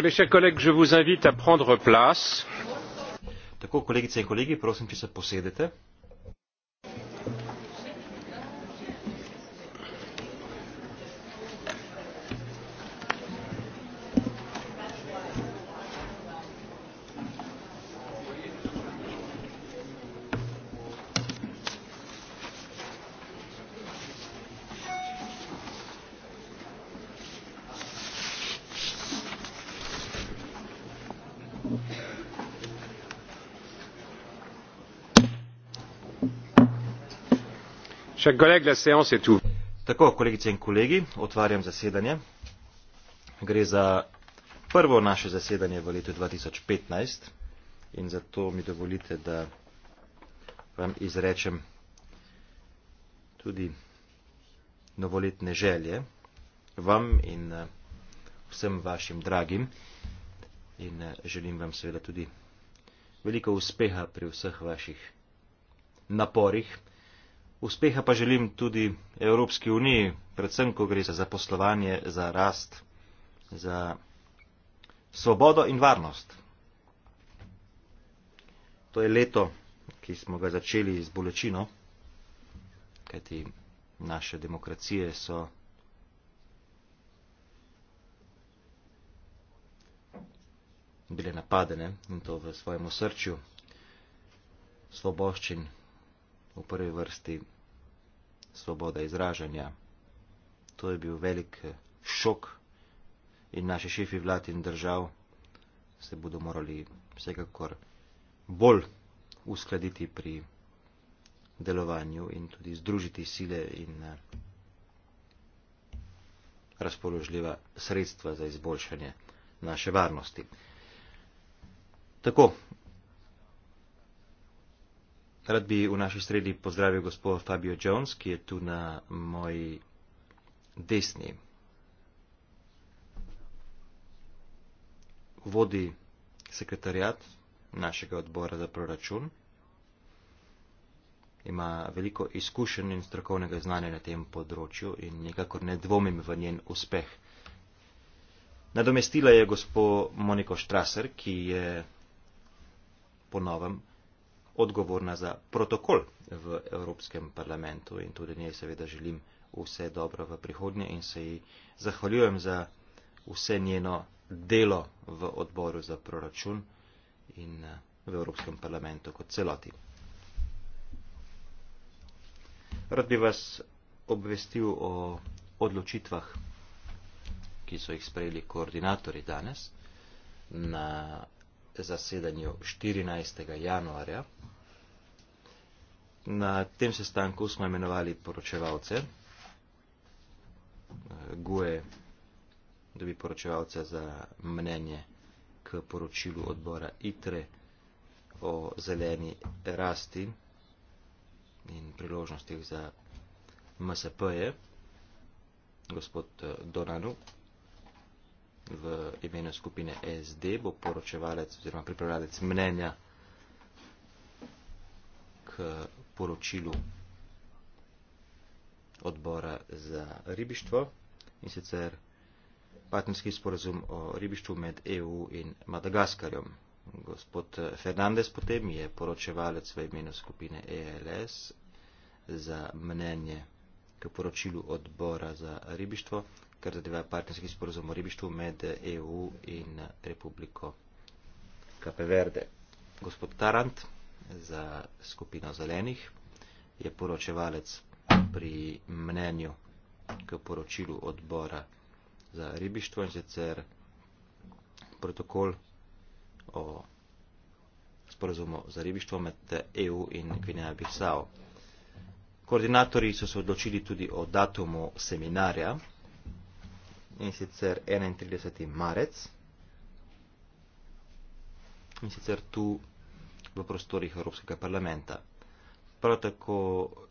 mes chers collègues je vous invite à prendre place. tako kolegice in kolegi otvarjam zasedanje gre za prvo naše zasedanje v letu 2015 in zato mi dovolite da vam izrečem tudi novoletne želje vam in eh, vsem vašim dragim in eh, želim vam seveda tudi veliko uspeha pri vseh vaših naporih Uspeha pa želim tudi Evropski uniji, predvsem, ko gre za zaposlovanje, za rast, za svobodo in varnost. To je leto, ki smo ga začeli z bolečino, kajti naše demokracije so bile napadene in to v svojem osrčju svoboščin v prvi vrsti svoboda izražanja. To je bil velik eh, šok in naši šefi vlad in držav se bodo morali vsekakor bolj uskladiti pri delovanju in tudi združiti sile in eh, razpoložljiva sredstva za izboljšanje naše varnosti. Tako, Rad bi v naši sredi pozdravil gospod Fabio Jones, ki je tu na moji desni. Vodi sekretarjat našega odbora za proračun. Ima veliko izkušen in strokovnega znanja na tem področju in nekakor ne dvomim v njen uspeh. Nadomestila je gospod Moniko Štraser, ki je ponovem odgovorna za protokol v Evropskem parlamentu in tudi njej seveda želim vse dobro v prihodnje in se ji zahvaljujem za vse njeno delo v odboru za proračun in eh, v Evropskem parlamentu kot celoti. Rad bi vas obvestil o odločitvah, ki so jih sprejeli koordinatori danes na zasedanju 14. januarja Na tem sestanku smo imenovali poročevalce. Gue dobi poročevalca za mnenje k poročilu odbora ITRE o zeleni rasti in priložnostih za MSP-je. Gospod eh, Donanu v imenu skupine SD bo poročevalec oziroma pripravljalec mnenja k poročilu odbora za ribištvo in sicer partnerski sporazum o ribištvu med EU in Madagaskarjem. Gospod Fernandez potem je poročevalec v imenu skupine ELS za mnenje k poročilu odbora za ribištvo, kar zadeva partnerski sporazum o ribištvu med EU in Republiko Kapeverde. Gospod Tarant za skupino zelenih, je poročevalec pri mnenju k poročilu odbora za ribištvo in sicer protokol o sporozumu za ribištvo med EU in Gvineja Bissau. Koordinatorji so se odločili tudi o datumu seminarja in sicer 31. marec in sicer tu v prostorih Evropskega parlamenta. Prav tako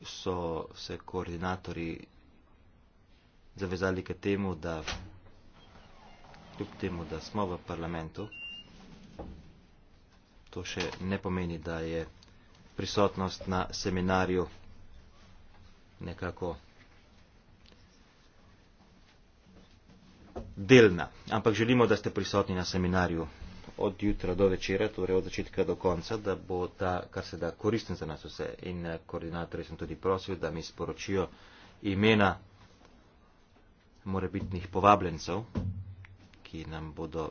so se koordinatori zavezali k temu, da kljub temu, da smo v parlamentu, to še ne pomeni, da je prisotnost na seminarju nekako delna, ampak želimo, da ste prisotni na seminarju od jutra do večera, torej od začetka do konca, da bo ta kar se da koristen za nas vse. In eh, koordinatorje sem tudi prosil, da mi sporočijo imena morebitnih povabljencev, ki nam bodo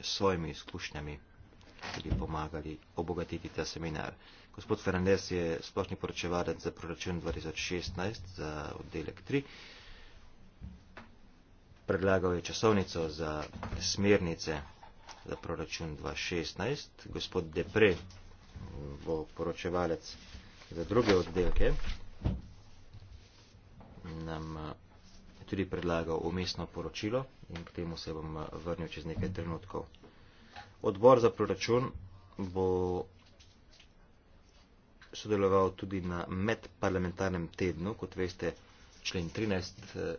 s svojimi izkušnjami tudi pomagali obogatiti ta seminar. Gospod Fernandez je splošni poročevalec za proračun 2016 za oddelek 3. Predlagal je časovnico za smernice za proračun 2016. Gospod Depre bo poročevalec za druge oddelke. Nam je eh, tudi predlagal umestno poročilo in k temu se bom eh, vrnil čez nekaj trenutkov. Odbor za proračun bo sodeloval tudi na medparlamentarnem tednu, kot veste, člen 13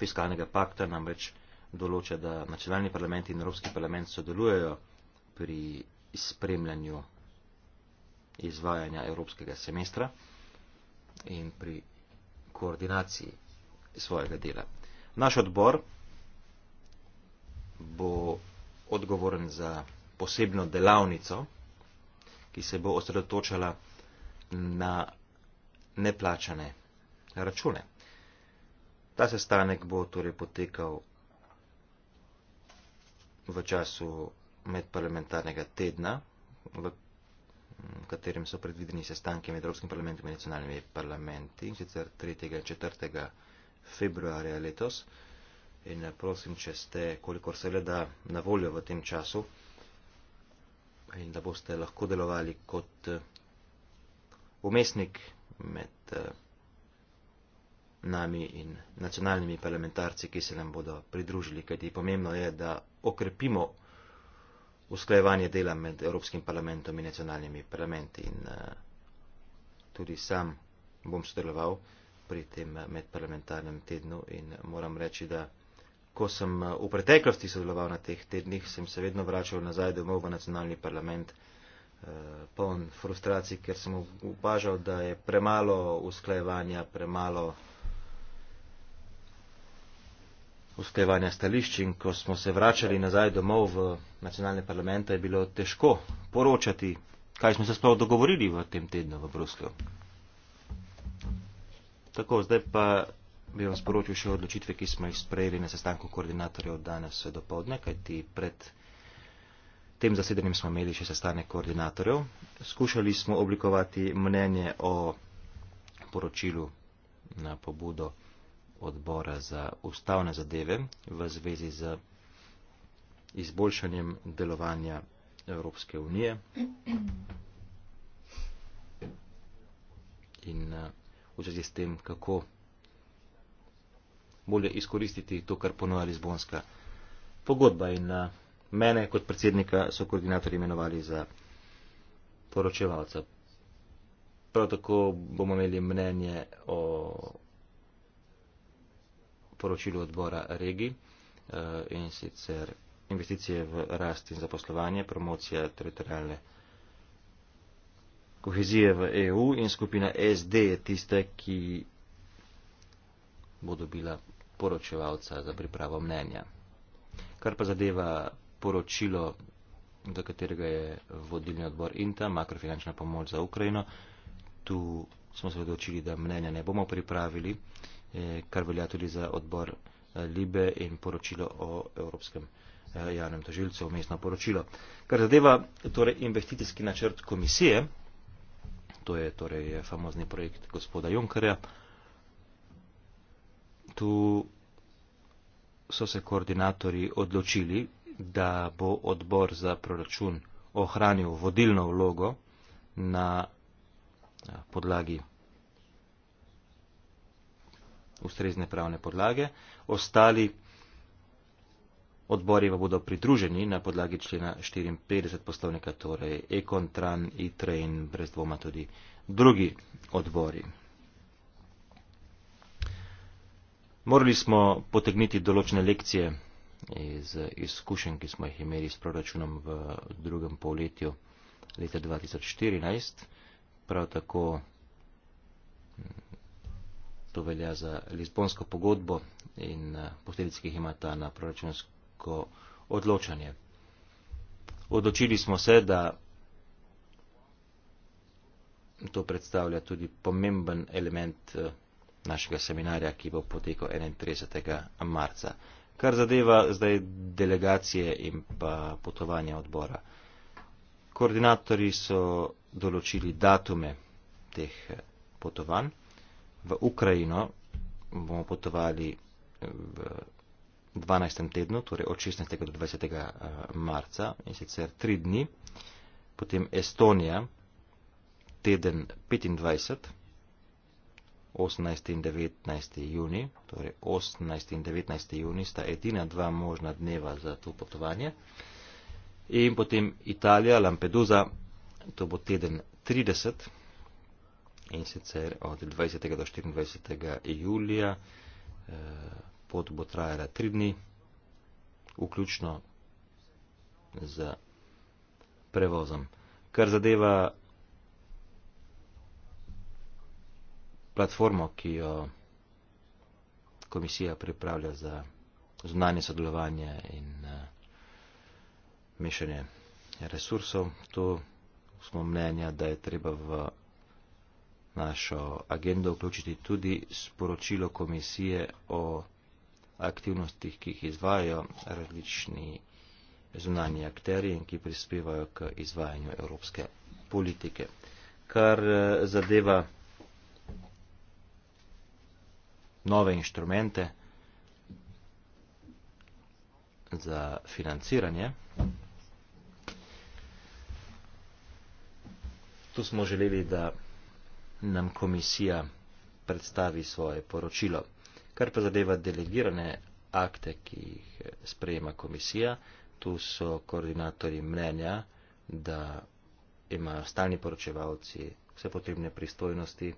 fiskalnega pakta namreč določa, da nacionalni parlament in Evropski parlament sodelujejo pri spremljanju izvajanja evropskega semestra in pri koordinaciji svojega dela. Naš odbor bo odgovoren za posebno delavnico, ki se bo osredotočala na neplačane račune. Ta sestanek bo torej potekal v času medparlamentarnega tedna, v katerem so predvideni sestanki med Evropskim parlamentom in nacionalnimi parlamenti, in sicer 3. in 4. februarja letos. In eh, prosim, če ste, kolikor se le da, na voljo v tem času in da boste lahko delovali kot eh, umestnik med. Uh, nami in nacionalnimi parlamentarci, ki se nam bodo pridružili, kajti pomembno je, da okrepimo usklajevanje dela med Evropskim parlamentom in nacionalnimi parlamenti. In eh, tudi sam bom sodeloval pri tem eh, medparlamentarnem tednu in eh, moram reči, da ko sem v preteklosti sodeloval na teh tednih, sem se vedno vračal nazaj domov v nacionalni parlament. Poln frustracij, ker sem upažal, da je premalo usklajevanja, premalo usklajevanja stališč in ko smo se vračali nazaj domov v nacionalne parlamente, je bilo težko poročati, kaj smo se sploh dogovorili v tem tednu v Bruslju. Tako, zdaj pa bi vam sporočil še odločitve, ki smo jih sprejeli na sestanku koordinatorjev danes vse do povdne, kajti pred tem zasedanjem smo imeli še sestanek koordinatorjev. Skušali smo oblikovati mnenje o poročilu na pobudo odbora za ustavne zadeve v zvezi z izboljšanjem delovanja Evropske unije. In eh, v zvezi s tem, kako bolje izkoristiti to, kar ponuja Lizbonska pogodba. In eh, mene kot predsednika so koordinatorji imenovali za poročevalca. Prav tako bomo imeli mnenje o poročilu odbora regij eh, in sicer investicije v rast in zaposlovanje, promocija teritorijalne kohezije v EU in skupina SD je tiste, ki bo dobila poročevalca za pripravo mnenja. Kar pa zadeva poročilo, do katerega je vodilni odbor INTA, makrofinančna pomoč za Ukrajino, tu smo se odločili, da mnenja ne bomo pripravili. Eh, kar velja tudi za odbor eh, Libe in poročilo o Evropskem eh, javnem tožilcu, umestno poročilo. Kar zadeva torej investicijski načrt komisije, to je torej famozni projekt gospoda Junkerja, tu so se koordinatori odločili, da bo odbor za proračun ohranil vodilno vlogo na podlagi ustrezne pravne podlage. Ostali odbori pa bodo pridruženi na podlagi člena 54 poslovnika, torej Ekontran, ITRE in brez dvoma tudi drugi odbori. Morali smo potegniti določene lekcije iz izkušenj, ki smo jih imeli s proračunom v drugem polletju leta 2014. Prav tako To velja za Lizbonsko pogodbo in eh, posledice, ki jih ima ta na proračunsko odločanje. Odločili smo se, da to predstavlja tudi pomemben element eh, našega seminarja, ki bo potekal 31. marca. Kar zadeva zdaj delegacije in pa potovanja odbora. Koordinatori so določili datume teh eh, potovanj v Ukrajino, bomo potovali v 12. tednu, torej od 16. do 20. Eh, marca in sicer tri dni, potem Estonija, teden 25, 18. in 19. juni, torej 18. in 19. juni sta edina dva možna dneva za to potovanje. In potem Italija, Lampedusa, to bo teden 30, in sicer od 20. do 24. julija. Eh, pot bo trajala tri dni, vključno z prevozom. Kar zadeva platformo, ki jo komisija pripravlja za znanje sodelovanje in eh, mešanje resursov, to smo mnenja, da je treba v našo agendo vključiti tudi sporočilo komisije o aktivnostih, ki jih izvajajo različni zunanji akteri in ki prispevajo k izvajanju evropske politike. Kar eh, zadeva nove inštrumente za financiranje, tu smo želeli, da nam komisija predstavi svoje poročilo. Kar pa zadeva delegirane akte, ki jih sprejema komisija, tu so koordinatori mnenja, da imajo stalni poročevalci vse potrebne pristojnosti,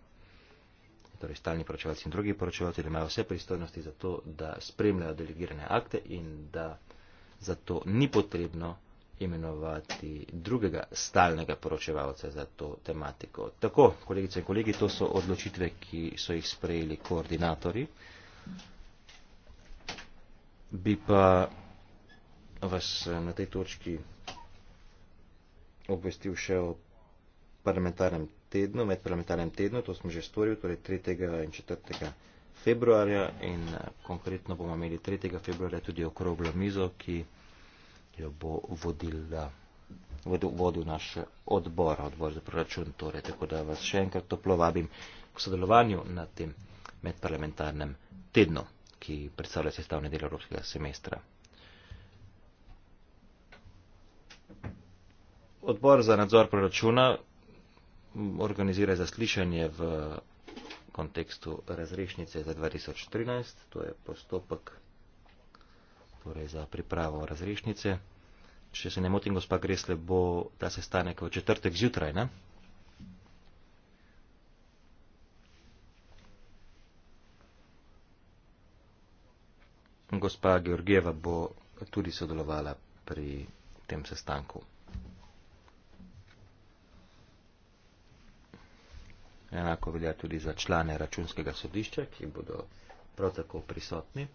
torej stalni poročevalci in drugi poročevalci, da imajo vse pristojnosti za to, da spremljajo delegirane akte in da zato ni potrebno imenovati drugega stalnega poročevalca za to tematiko. Tako, kolegice in kolegi, to so odločitve, ki so jih sprejeli koordinatori. Bi pa vas eh, na tej točki obvestil še o parlamentarnem tednu, med parlamentarnem tednu, to smo že storili, torej 3. in 4. februarja in eh, konkretno bomo imeli 3. februarja tudi okroglo mizo, ki jo bo vodil, vodil, vodil naš odbor, odbor za proračun. Torej, tako da vas še enkrat toplo vabim k sodelovanju na tem medparlamentarnem tednu, ki predstavlja sestavni del Evropskega semestra. Odbor za nadzor proračuna organizira zaslišanje v kontekstu razrešnice za 2013, to je postopek torej za pripravo razrešnice. Če se ne motim, gospa Gresle, bo ta sestanek v četrtek zjutraj, ne? Gospa Georgieva bo tudi sodelovala pri tem sestanku. Enako velja tudi za člane računskega sodišča, ki bodo prav tako prisotni.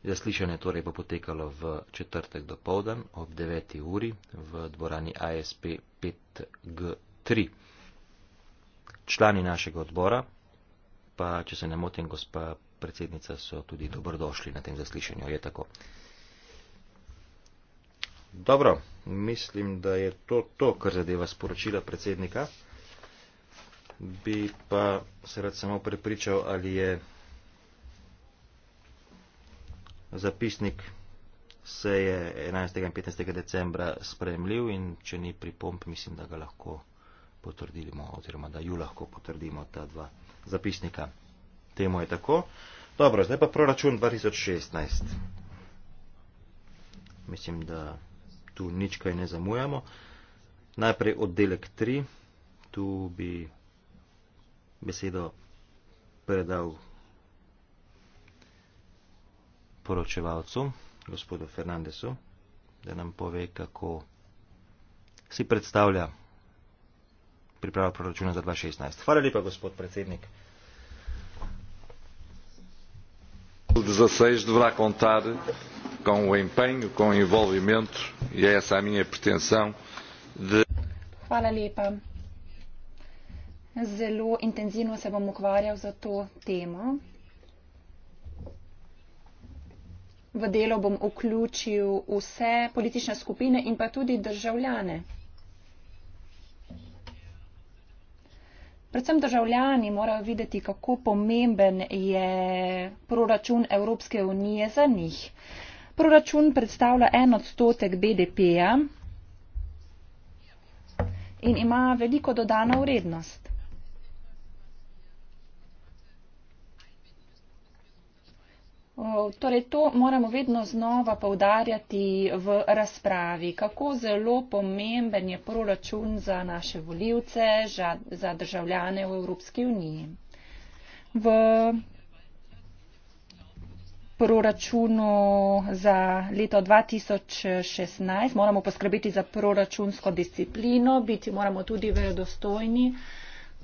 Zaslišanje torej bo potekalo v četrtek do povdan ob 9. uri v dvorani ASP 5G3. Člani našega odbora, pa če se ne motim, gospa predsednica, so tudi dobrodošli na tem zaslišanju. Je tako. Dobro, mislim, da je to to, kar zadeva sporočila predsednika. Bi pa se rad samo prepričal, ali je zapisnik se je 11. in 15. decembra spremljiv in če ni pripomp, mislim, da ga lahko potrdimo oziroma da ju lahko potrdimo ta dva zapisnika. Temu je tako. Dobro, zdaj pa proračun 2016. Mislim, da tu nič kaj ne zamujamo. Najprej oddelek 3. Tu bi besedo predal poročevalcu, gospodu Fernandesu, da nam pove, kako si predstavlja priprava proračuna za 2016. Hvala lepa, gospod predsednik. deverá contar com o empenho, com o envolvimento e é essa a minha pretensão de... Hvala lepa. Zelo intenzivno se bom ukvarjal za to temo. v delo bom vključil vse politične skupine in pa tudi državljane. Predvsem državljani morajo videti, kako pomemben je proračun Evropske unije za njih. Proračun predstavlja en odstotek BDP-ja in ima veliko dodano vrednost. Torej, to moramo vedno znova povdarjati v razpravi, kako zelo pomemben je proračun za naše voljivce, za državljane v Evropski uniji. V proračunu za leto 2016 moramo poskrbiti za proračunsko disciplino, biti moramo tudi verodostojni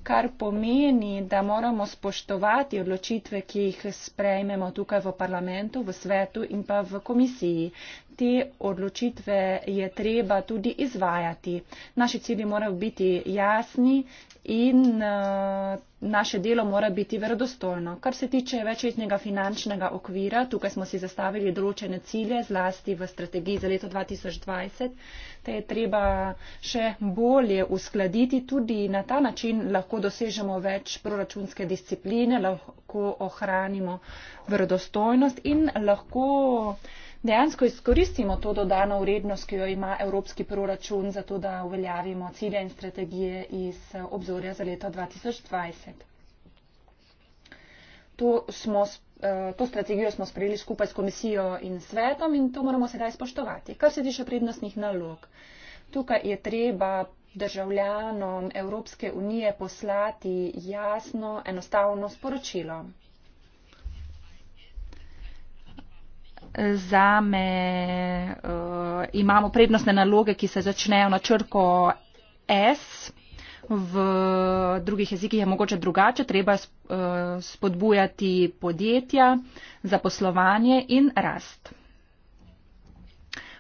kar pomeni, da moramo spoštovati odločitve, ki jih sprejmemo tukaj v parlamentu, v svetu in pa v komisiji. Te odločitve je treba tudi izvajati. Naši cilji morajo biti jasni in uh, naše delo mora biti verodostojno. Kar se tiče večletnega finančnega okvira, tukaj smo si zastavili določene cilje, zlasti v strategiji za leto 2020, te je treba še bolje uskladiti. Tudi na ta način lahko dosežemo več proračunske discipline, lahko ohranimo verodostojnost in lahko dejansko izkoristimo to dodano vrednost, ki jo ima evropski proračun, zato da uveljavimo cilje in strategije iz eh, obzorja za leto 2020. To, smo, eh, to strategijo smo sprejeli skupaj s komisijo in svetom in to moramo sedaj spoštovati. Kar se tiče prednostnih nalog, tukaj je treba državljanom Evropske unije poslati jasno, enostavno sporočilo. za me uh, eh, imamo prednostne naloge, ki se začnejo na črko S. V drugih jezikih je mogoče drugače, treba eh, spodbujati podjetja za poslovanje in rast.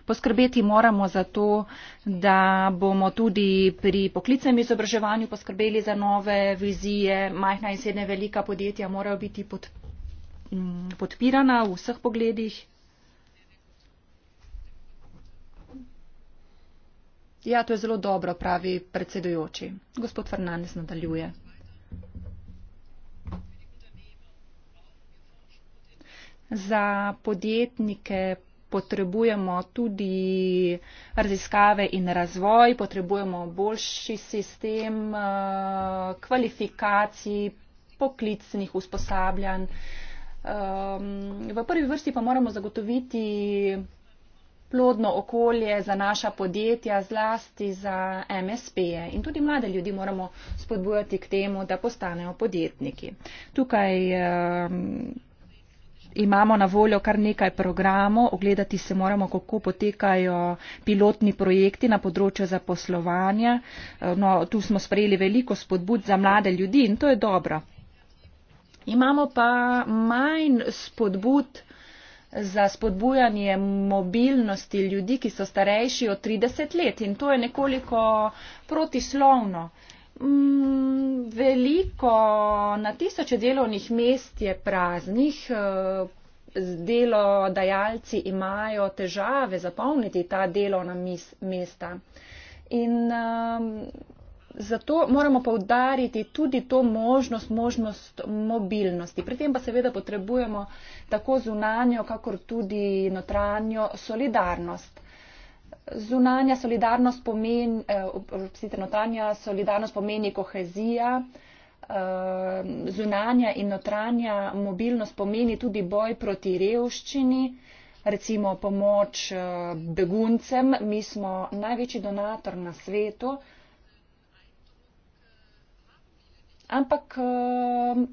Poskrbeti moramo za to, da bomo tudi pri poklicnem izobraževanju poskrbeli za nove vizije. Majhna in srednja velika podjetja morajo biti podpirana v vseh pogledih. Ja, to je zelo dobro, pravi predsedujoči. Gospod Fernandez nadaljuje. Za podjetnike potrebujemo tudi raziskave in razvoj, potrebujemo boljši sistem eh, kvalifikacij, poklicnih usposabljanj. Ehm, v prvi vrsti pa moramo zagotoviti plodno okolje za naša podjetja, zlasti za MSP-je. In tudi mlade ljudi moramo spodbujati k temu, da postanejo podjetniki. Tukaj um, imamo na voljo kar nekaj programov, ogledati se moramo, kako potekajo pilotni projekti na področju zaposlovanja. Eh, no, tu smo sprejeli veliko spodbud za mlade ljudi in to je dobro. Imamo pa manj spodbud za spodbujanje mobilnosti ljudi, ki so starejši od 30 let in to je nekoliko protislovno. Mm, veliko na tisoče delovnih mest je praznih, eh, delodajalci imajo težave zapolniti ta delovna mesta. In ehm, Zato moramo povdariti tudi to možnost, možnost mobilnosti. Pri tem pa seveda potrebujemo tako zunanjo, kakor tudi notranjo solidarnost. Zunanja solidarnost pomeni, eh, sicer notranja solidarnost pomeni kohezija, eh, zunanja in notranja mobilnost pomeni tudi boj proti revščini, recimo pomoč eh, beguncem. Mi smo največji donator na svetu. ampak ehm,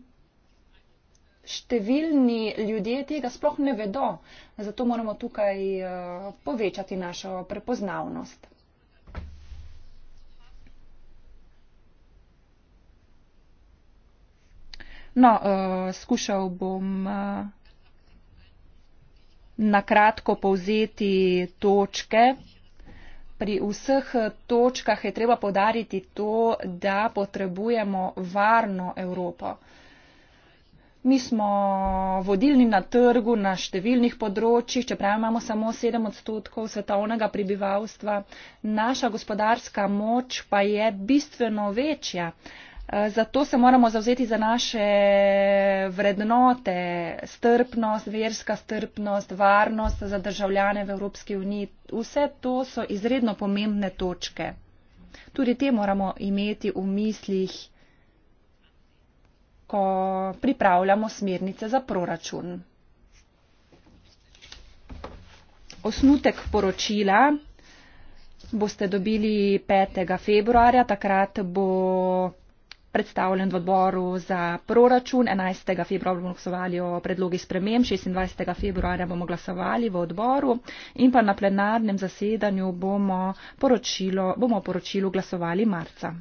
številni ljudje tega sploh ne vedo. Zato moramo tukaj eh, povečati našo prepoznavnost. No, uh, skušal bom uh, na kratko povzeti točke, pri vseh eh, točkah je treba podariti to, da potrebujemo varno Evropo. Mi smo vodilni na trgu na številnih področjih, čeprav imamo samo 7 odstotkov svetovnega prebivalstva, naša gospodarska moč pa je bistveno večja. Eh, zato se moramo zavzeti za naše vrednote, strpnost, verska strpnost, varnost za državljane v Evropski uniji. Vse to so izredno pomembne točke. Tudi te moramo imeti v mislih, ko pripravljamo smernice za proračun. Osnutek poročila boste dobili 5. februarja, takrat bo predstavljen v odboru za proračun. 11. februarja bomo glasovali o predlogi spremem, 26. februarja bomo glasovali v odboru in pa na plenarnem zasedanju bomo, poročilo, bomo poročilu glasovali marca.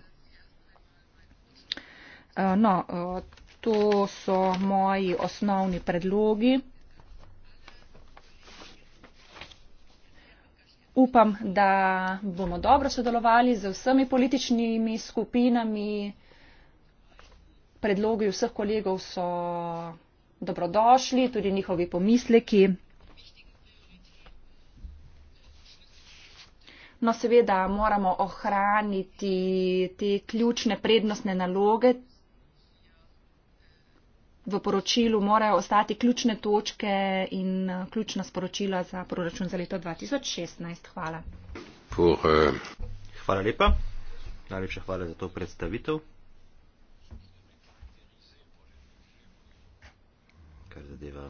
Eh, no, eh, to so moji osnovni predlogi. Upam, da bomo dobro sodelovali z vsemi političnimi skupinami predlogi vseh kolegov so dobrodošli, tudi njihovi pomisleki. No, seveda moramo ohraniti te ključne prednostne naloge. V poročilu morajo ostati ključne točke in eh, ključna sporočila za proračun za leto 2016. Hvala. Eh, hvala lepa. Najlepša hvala za to predstavitev. kar zadeva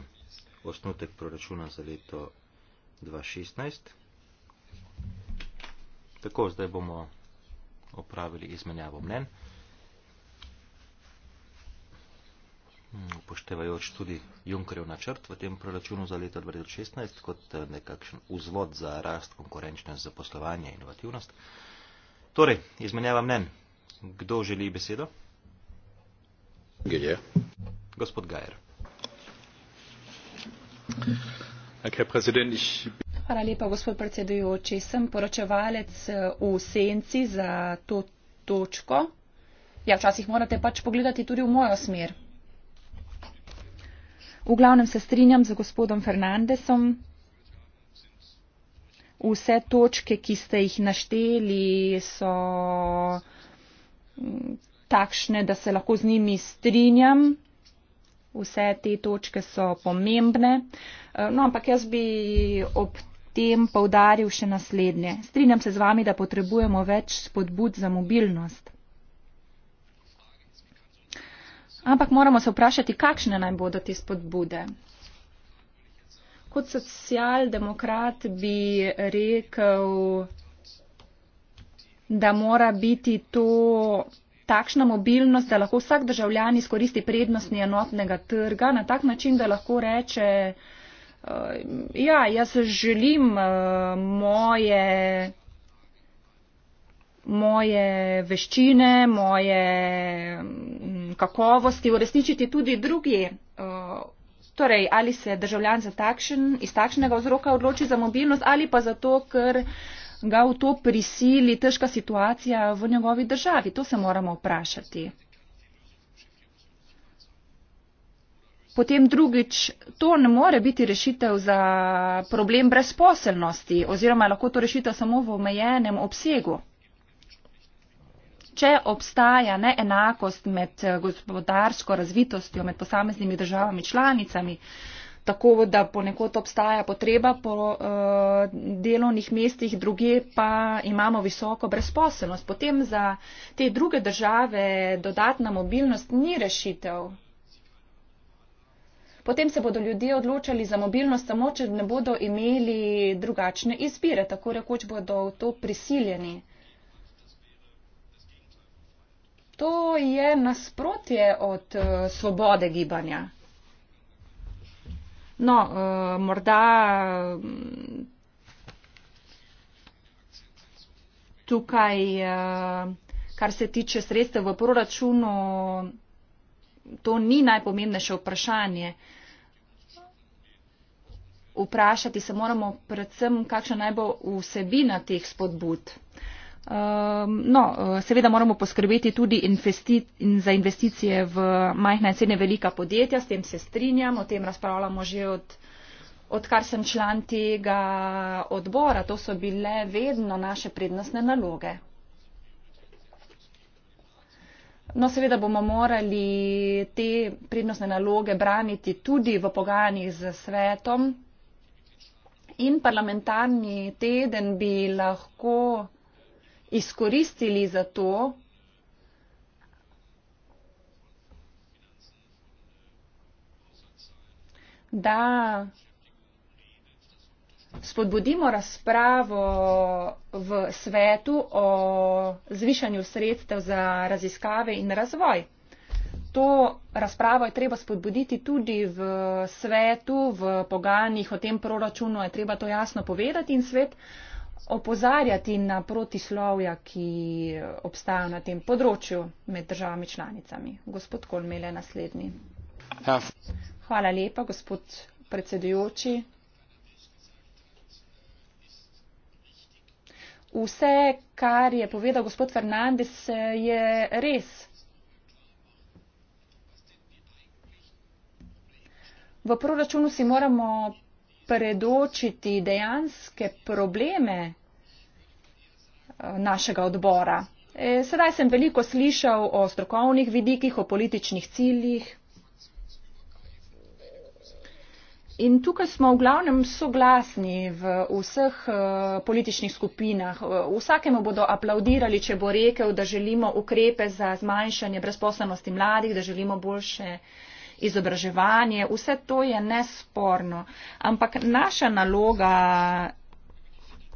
osnutek proračuna za leto 2016. Tako, zdaj bomo opravili izmenjavo mnen. Mm, upoštevajoč tudi Junkerjev načrt v tem proračunu za leto 2016 kot eh, nekakšen vzvod za rast, konkurenčnost, zaposlovanje, inovativnost. Torej, izmenjava mnen. Kdo želi besedo? Gdje? Gospod Gajer sem poročevalec eh, v senci za to točko. Ja, včasih morate pač pogledati tudi v mojo smer. V glavnem se strinjam z gospodom Fernandesom. Vse točke, ki ste jih našteli, so mm, takšne, da se lahko z njimi strinjam vse te točke so pomembne. Eh, no, ampak jaz bi ob tem povdaril še naslednje. Strinjam se z vami, da potrebujemo več spodbud za mobilnost. Ampak moramo se vprašati, kakšne naj bodo te spodbude. Kot socialdemokrat bi rekel, da mora biti to takšna mobilnost, da lahko vsak državljan izkoristi prednostni enotnega trga na tak način, da lahko reče, eh, ja, jaz želim eh, moje, moje veščine, moje mm, kakovosti uresničiti tudi drugi. Eh, torej, ali se državljan takšen, iz takšnega vzroka odloči za mobilnost ali pa zato, ker uh, ga v to prisili težka situacija v njegovi državi? To se moramo vprašati. Potem drugič, to ne more biti rešitev za problem brezposelnosti oziroma lahko to rešitev samo v omejenem obsegu. Če obstaja neenakost med gospodarsko razvitostjo, med posameznimi državami članicami, tako da ponekod obstaja potreba po uh, delovnih mestih, druge pa imamo visoko brezposelnost. Potem za te druge države dodatna mobilnost ni rešitev. Potem se bodo ljudje odločali za mobilnost samo, če ne bodo imeli drugačne izbire, tako rekoč bodo v to prisiljeni. To je nasprotje od uh, svobode gibanja. No, uh, morda mm, tukaj, uh, kar se tiče sredstev v proračunu, to ni najpomembnejše vprašanje. Vprašati se moramo predvsem, kakšna naj bo vsebina teh spodbud. Uh, Ehm, no, eh, seveda moramo poskrbeti tudi investi in za investicije v majhna in srednja velika podjetja, s tem se strinjam, o tem razpravljamo že od, odkar sem član tega odbora. To so bile vedno naše prednostne naloge. No, seveda bomo morali te prednostne naloge braniti tudi v pogajanjih z svetom in parlamentarni teden bi lahko izkoristili za to, da spodbudimo razpravo v svetu o zvišanju sredstev za raziskave in razvoj. To razpravo je treba spodbuditi tudi v svetu, v poganjih o tem proračunu, je treba to jasno povedati in svet. Uh, opozarjati na protislovja, ki obstajajo na tem področju med državami članicami. Gospod Kolmele, naslednji. Ja. Hvala lepa, gospod predsedujoči. Vse, kar je povedal gospod Fernandez, je res. V proračunu si moramo predočiti dejanske probleme eh, našega odbora. E, sedaj sem veliko slišal o strokovnih vidikih, o političnih ciljih. In tukaj smo v glavnem soglasni v vseh eh, političnih skupinah. Vsakemu bodo aplaudirali, če bo rekel, da želimo ukrepe za zmanjšanje brezposobnosti mladih, da želimo boljše izobraževanje, vse to je nesporno. Ampak naša naloga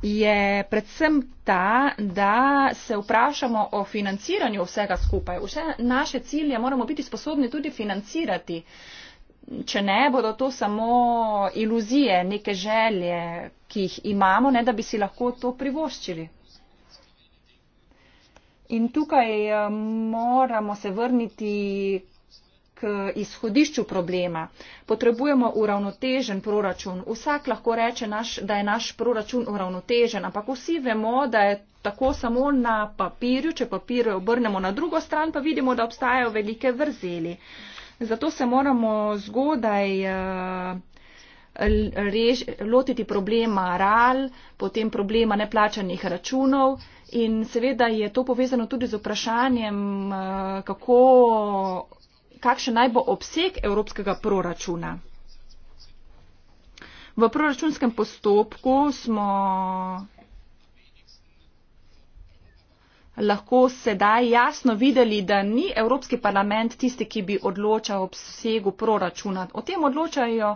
je predvsem ta, da se vprašamo o financiranju vsega skupaj. Vse naše cilje moramo biti sposobni tudi financirati. Če ne, bodo to samo iluzije, neke želje, ki jih imamo, ne da bi si lahko to privoščili. In tukaj eh, moramo se vrniti k izhodišču problema. Potrebujemo uravnotežen proračun. Vsak lahko reče, naš, da je naš proračun uravnotežen, ampak vsi vemo, da je tako samo na papirju, če papir obrnemo na drugo stran, pa vidimo, da obstajajo velike vrzeli. Zato se moramo zgodaj eh, rež, lotiti problema RAL, potem problema neplačanih računov in seveda je to povezano tudi z vprašanjem, eh, kako kakšen naj bo obseg evropskega proračuna. V proračunskem postopku smo lahko sedaj jasno videli, da ni Evropski parlament tisti, ki bi odločal o obsegu proračuna. O tem odločajo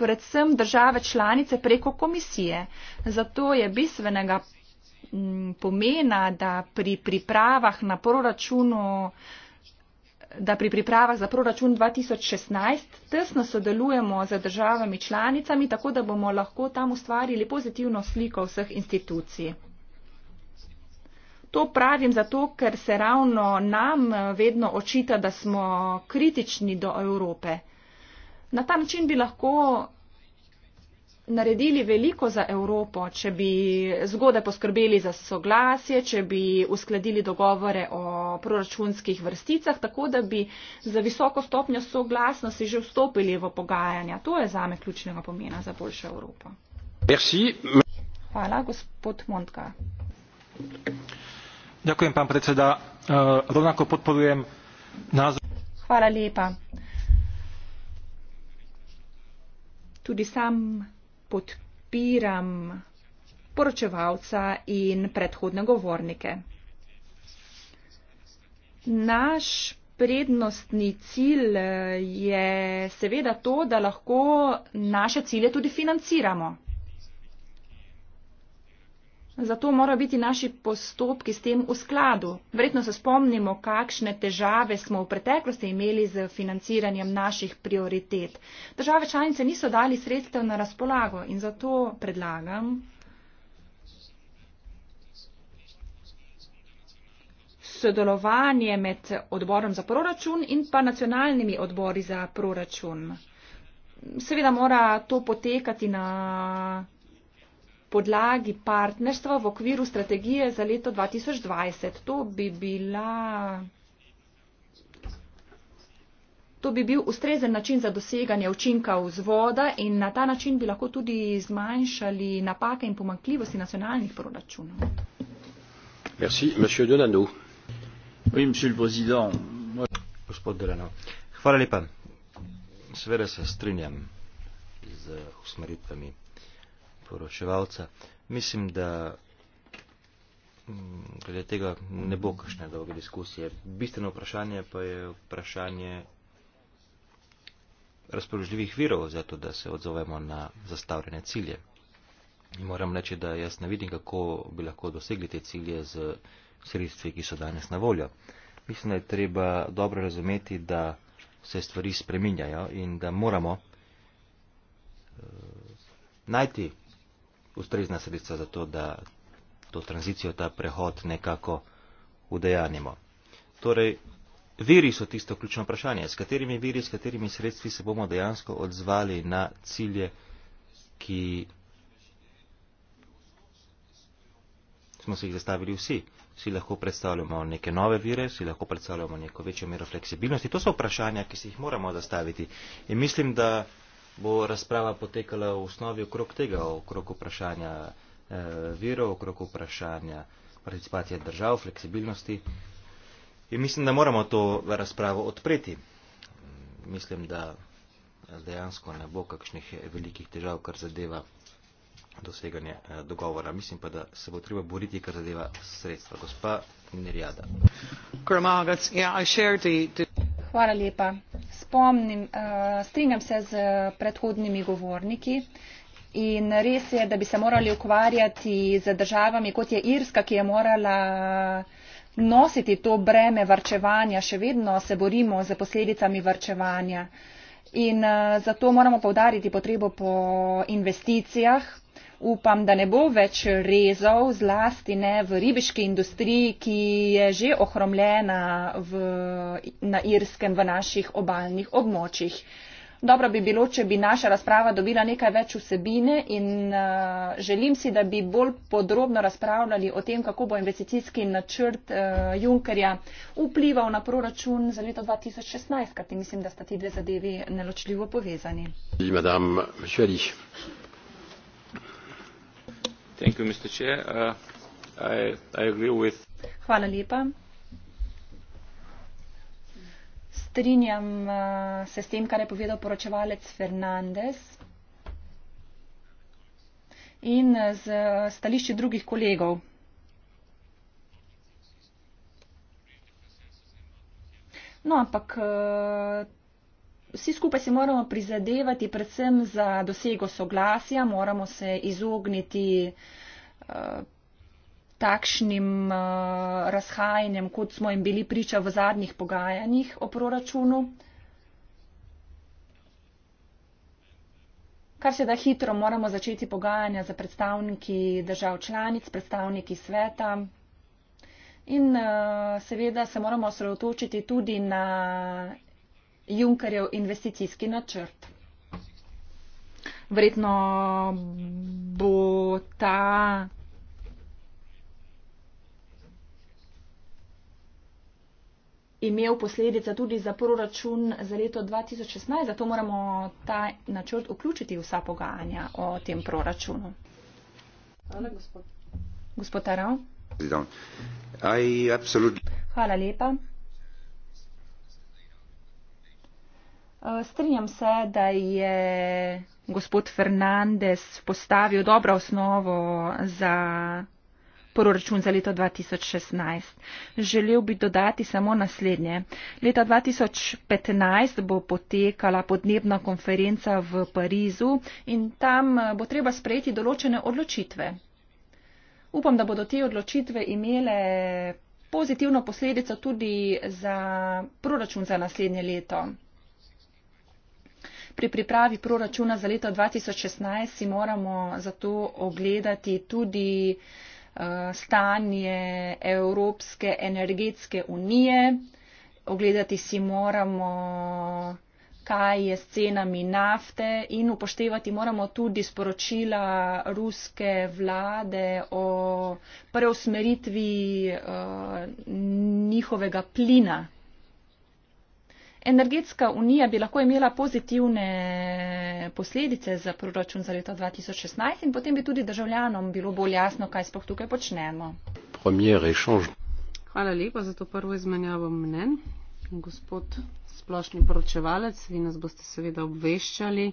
predvsem države članice preko komisije. Zato je bistvenega mm, pomena, da pri pripravah na proračunu da pri pripravah za proračun 2016 tesno sodelujemo z državami članicami, tako da bomo lahko tam ustvarili pozitivno sliko vseh institucij. To pravim zato, ker se ravno nam eh, vedno očita, da smo kritični do Evrope. Na ta način bi lahko naredili veliko za Evropo, če bi zgodaj poskrbeli za soglasje, če bi uskladili dogovore o proračunskih vrsticah, tako da bi za visoko stopnjo soglasnosti že vstopili v pogajanja. To je zame ključnega pomena za boljšo Evropo. Merci. Hvala, gospod Montka. Ďakujem, pán predseda. Uh, rovnako podporujem názor. Hvala lepa. Tudi sam podpiram poročevalca in predhodne govornike. Naš prednostni cilj eh, je seveda to, da lahko naše cilje tudi financiramo. Zato morajo biti naši postopki s tem v skladu. Verjetno se spomnimo, kakšne težave smo v preteklosti imeli z financiranjem naših prioritet. Države članice niso dali sredstev na razpolago in zato predlagam. sodelovanje med odborom za proračun in pa nacionalnimi odbori za proračun. Seveda mora to potekati na podlagi partnerstva v okviru strategije za leto 2020. To bi bila. To bi bil ustrezen način za doseganje učinka vzvoda in na ta način bi lahko tudi zmanjšali napake in pomankljivosti nacionalnih proračunov. Oui, Hvala lepa. Seveda se strinjam z usmeritvami poroševalca. Mislim, da mm, glede tega ne bo kakšne dolge diskusije. Bistveno vprašanje pa je vprašanje razpoložljivih virov za to, da se odzovemo na zastavljene cilje. In moram reči, da jaz ne vidim, kako bi lahko dosegli te cilje z sredstvi, ki so danes na voljo. Mislim, da je treba dobro razumeti, da se stvari spreminjajo in da moramo uh, najti ustrezna sredstva za to, da to tranzicijo, ta prehod nekako udejanimo. Torej, viri so tisto ključno vprašanje, s katerimi viri, s katerimi sredstvi se bomo dejansko odzvali na cilje, ki smo se jih zastavili vsi. Vsi lahko predstavljamo neke nove vire, vsi lahko predstavljamo neko večjo mero fleksibilnosti. To so vprašanja, ki si jih moramo zastaviti. In mislim, da bo razprava potekala v osnovi okrog tega, okrog vprašanja eh, virov, okrog vprašanja participacije držav, fleksibilnosti. In mislim, da moramo to razpravo odpreti. Mislim, da dejansko ne bo kakšnih velikih težav, kar zadeva doseganje eh, dogovora. Mislim pa, da se bo treba boriti, kar zadeva sredstva. Gospa Nerjada. Kramagac, yeah, I share the, the... Hvala lepa. Spomnim, eh, strinjam se z eh, predhodnimi govorniki. In res je, da bi se morali ukvarjati z državami, kot je Irska, ki je morala nositi to breme varčevanja. Še vedno se borimo z posledicami varčevanja. In eh, zato moramo povdariti potrebo po investicijah, upam, da ne bo več rezov, zlasti ne v ribiški industriji, ki je že ohromljena v, na Irskem v naših obaljnih območjih. Dobro bi bilo, če bi naša razprava dobila nekaj več vsebine in uh, želim si, da bi bolj podrobno razpravljali o tem, kako bo investicijski načrt uh, Junkerja vplival na proračun za leto 2016, kajti mislim, da sta ti dve zadevi neločljivo povezani. Madame, Uh, Hvala lepa. Strinjam uh, se s tem, kar je povedal poročevalec Fernandez in uh, z stališči drugih kolegov. No, ampak vsi skupaj si moramo prizadevati predvsem za dosego soglasja, moramo se izogniti eh, takšnim eh, razhajanjem, kot smo jim bili priča v zadnjih pogajanjih o proračunu. Kar se da hitro, moramo začeti pogajanja za predstavniki držav članic, predstavniki sveta in eh, seveda se moramo osredotočiti tudi na junkerjev investicijski načrt. Verjetno bo ta imel posledica tudi za proračun za leto 2016, zato moramo ta načrt vključiti v vsa pogajanja o tem proračunu. Hvala, gospod. Gospod Arav. Hvala lepa. Eh, strinjam se, da je gospod Fernandez postavil dobro osnovo za proračun za leto 2016. Želel bi dodati samo naslednje. Leta 2015 bo potekala podnebna konferenca v Parizu in tam eh, bo treba sprejeti določene odločitve. Upam, da bodo te odločitve imele pozitivno posledico tudi za proračun za naslednje leto pri pripravi proračuna za leto 2016 si moramo zato ogledati tudi eh, stanje Evropske energetske unije. Ogledati si moramo, kaj je s cenami nafte in upoštevati moramo tudi sporočila ruske vlade o preusmeritvi uh, njihovega plina. Energetska unija bi lahko imela pozitivne posledice za proračun za leto 2016 in potem bi tudi državljanom bilo bolj jasno, kaj sploh tukaj počnemo. Hvala lepa za to prvo izmenjavo mnen. Gospod splošni poročevalec, vi nas boste seveda obveščali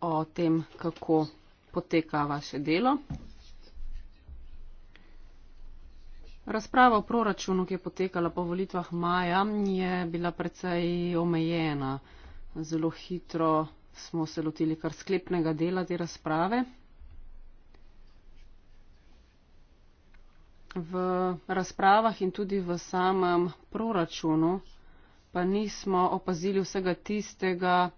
o tem, kako poteka vaše delo. Razprava o proračunu, ki je potekala po volitvah maja, je bila precej omejena. Zelo hitro smo se lotili kar sklepnega dela te razprave. V razpravah in tudi v samem proračunu pa nismo opazili vsega tistega,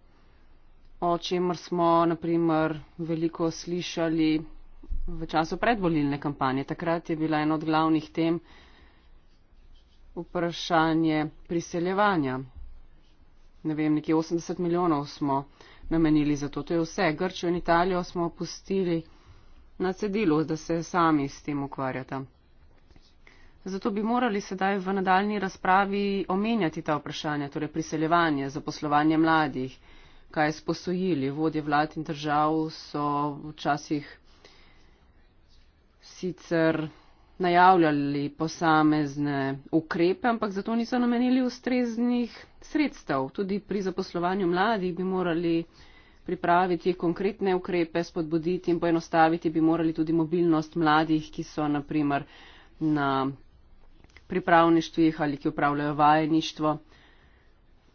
o čemer smo naprimer veliko slišali v času predvolilne kampanje. Takrat je bila ena od glavnih tem vprašanje priseljevanja. Ne vem, nekje 80 milijonov smo namenili za to. To je vse. Grčijo in Italijo smo pustili na cedilu, da se sami s tem ukvarjata. Zato bi morali sedaj v nadaljni razpravi omenjati ta vprašanja, torej priseljevanje, zaposlovanje mladih, kaj je sposojili. Vodje vlad in držav so včasih sicer najavljali posamezne ukrepe, ampak zato niso namenili ustreznih sredstev. Tudi pri zaposlovanju mladih bi morali pripraviti konkretne ukrepe, spodbuditi in poenostaviti bi morali tudi mobilnost mladih, ki so naprimer na pripravništvih ali ki upravljajo vajeništvo.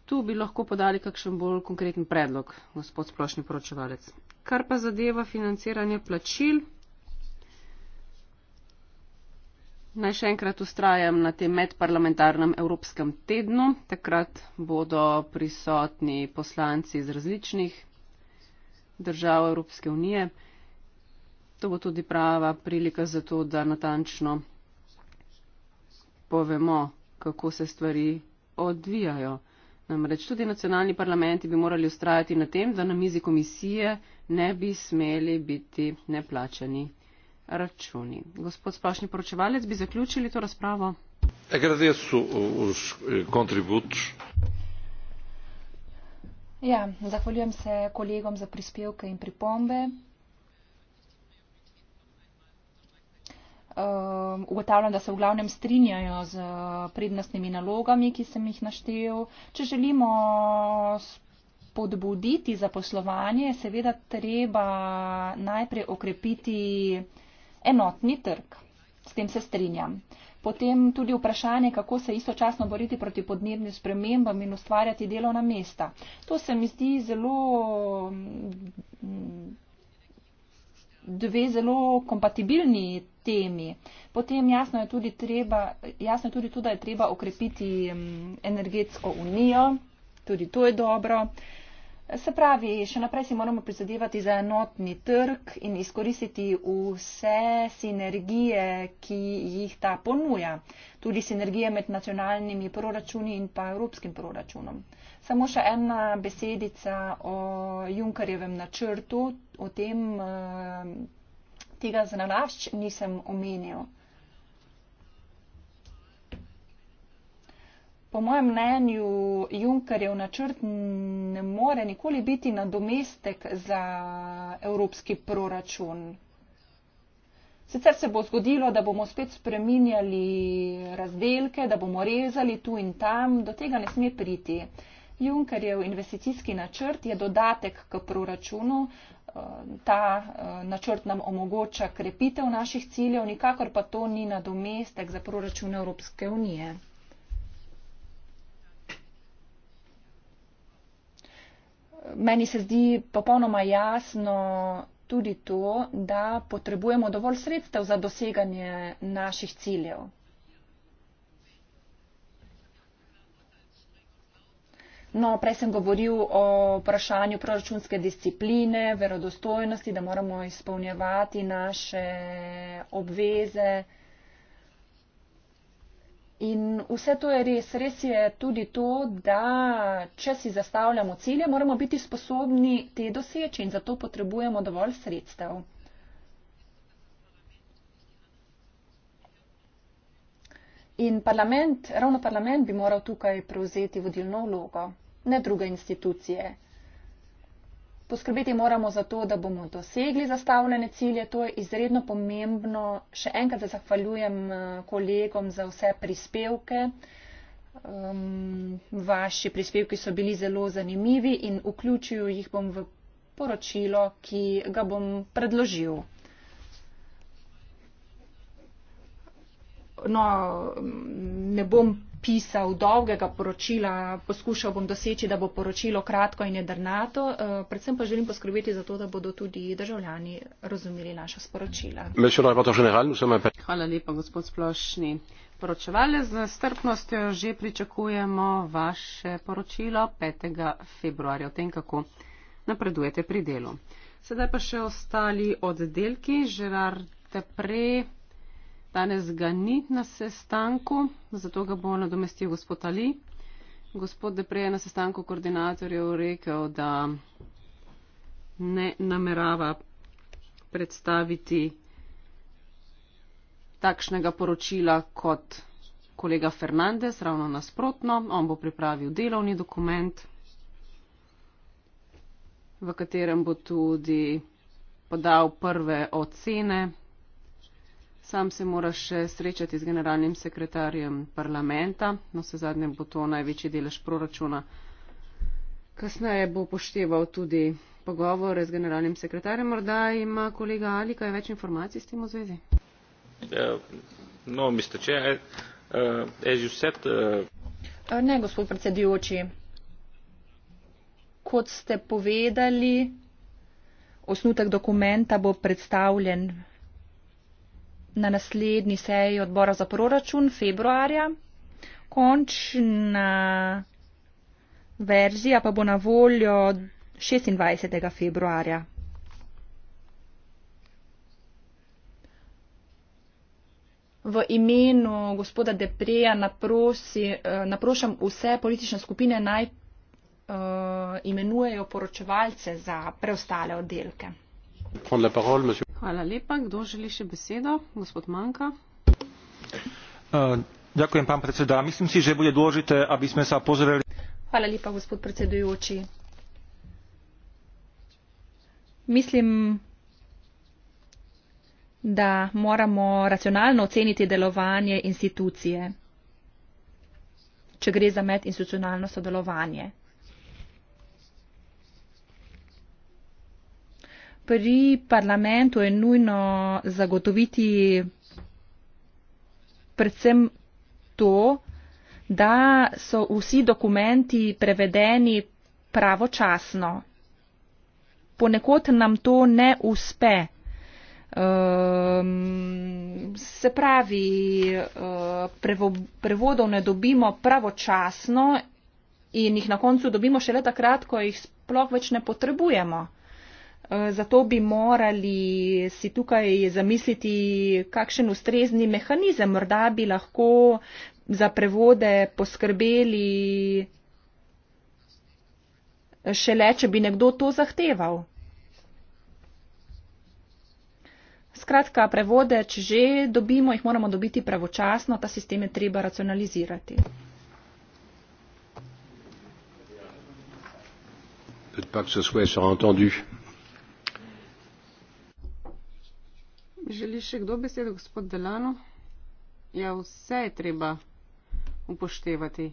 Tu bi lahko podali kakšen bolj konkreten predlog, gospod splošni poročevalec. Kar pa zadeva financiranje plačil, Naj še enkrat ustrajam na tem medparlamentarnem Evropskem tednu. Takrat bodo prisotni poslanci iz različnih držav Evropske unije. To bo tudi prava prilika za to, da natančno povemo, kako se stvari odvijajo. Namreč tudi nacionalni parlamenti bi morali ustrajati na tem, da na mizi komisije ne bi smeli biti neplačani računi. Gospod splošni poročevalec, bi zaključili to razpravo? Eh, ja, zahvaljujem se kolegom za prispevke in pripombe. Ehm, ugotavljam, da se v glavnem strinjajo z eh, prednostnimi nalogami, ki sem jih naštel. Če želimo podbuditi zaposlovanje, je seveda treba najprej okrepiti enotni trg. S tem se strinjam. Potem tudi vprašanje, kako se istočasno boriti proti podnebnim spremembam in ustvarjati delovna mesta. To se mi zdi zelo, mm, dve zelo kompatibilni temi. Potem jasno je tudi, treba, jasno je tudi to, da je treba okrepiti mm, energetsko unijo. Tudi to je dobro. Uh, Se pravi, še naprej si moramo prizadevati za enotni trg in izkoristiti vse sinergije, ki jih ta ponuja. Tudi sinergije med nacionalnimi proračuni in pa evropskim proračunom. Samo še ena besedica o Junkarjevem načrtu, o tem eh, tega zanalašč nisem omenil. Po mojem mnenju Junkerjev načrt ne more nikoli biti nadomestek za evropski proračun. Sicer se bo zgodilo, da bomo spet spreminjali razdelke, da bomo rezali tu in tam, do tega ne sme priti. Junkerjev investicijski načrt je dodatek k proračunu. Eh, ta eh, načrt nam omogoča krepitev naših ciljev, nikakor pa to ni nadomestek za proračun Evropske unije. meni se zdi popolnoma jasno tudi to, da potrebujemo dovolj sredstev za doseganje naših ciljev. No, prej sem govoril o vprašanju proračunske discipline, verodostojnosti, da moramo izpolnjevati naše obveze. In vse to je res. Res je tudi to, da če si zastavljamo cilje, moramo biti sposobni te doseči in zato potrebujemo dovolj sredstev. In parlament, ravno parlament bi moral tukaj prevzeti vodilno vlogo, ne druge institucije. Poskrbeti moramo za to, da bomo dosegli zastavljene cilje. To je izredno pomembno. Še enkrat se zahvaljujem eh, kolegom za vse prispevke. Um, vaši prispevki so bili zelo zanimivi in vključil jih bom v poročilo, ki ga bom predložil. No, ne bom pisal dolgega poročila, poskušal bom doseči, da bo poročilo kratko in jedrnato, eh, predvsem pa želim poskrbeti za to, da bodo tudi državljani razumeli naša sporočila. Hvala lepa, gospod Splošni. Poročevalje z strpnostjo že pričakujemo vaše poročilo 5. februarja o tem, kako napredujete pri delu. Sedaj pa še ostali oddelki. Žerar Tepre, Danes ga ni na sestanku, zato ga bo nadomestil gospod Ali. Gospod Deprej je na sestanku koordinatorjev rekel, da ne namerava predstaviti takšnega poročila kot kolega Fernandez, ravno nasprotno. On bo pripravil delovni dokument, v katerem bo tudi podal prve ocene Sam se mora še srečati z generalnim sekretarjem parlamenta, no se zadnje bo to največji delež proračuna. Kasneje bo pošteval tudi pogovore z generalnim sekretarjem. Morda ima kolega Ali kaj več informacij s tem v zvezi? Eh, no, Mr. Chair, eh, as you said. Eh, ne, gospod predsedujoči. Kot ste povedali, osnutek dokumenta bo predstavljen na naslednji seji odbora za proračun februarja. Končna verzija pa bo na voljo 26. februarja. V imenu gospoda Depreja eh, naprošam vse politične skupine naj uh, imenujejo poročevalce za preostale oddelke. Hvala lepa. Kdo želi še besedo? Gospod Manka. Eh, Ďakujem, pán predseda. Myslím si, že bude dôležité, aby sme sa pozreli. Hvala lepa, gospod predsedujúci. Mislim, da moramo racionalno oceniti delovanje institucije, če gre za medinstitucionalno sodelovanje. pri parlamentu je nujno zagotoviti predvsem to, da so vsi dokumenti prevedeni pravočasno. Ponekod nam to ne uspe. Um, se pravi, eh, prevo, prevodov ne dobimo pravočasno in jih na koncu dobimo šele takrat, ko jih sploh več ne potrebujemo. Eh, zato bi morali si tukaj zamisliti, kakšen ustrezni mehanizem morda bi lahko za prevode poskrbeli šele, če bi nekdo to zahteval. Skratka, prevode, če že dobimo, jih moramo dobiti pravočasno, ta sistem je treba racionalizirati. Je pas que ce soit surentendu. Želi še kdo besedo, gospod Delano? Ja, vse je treba upoštevati.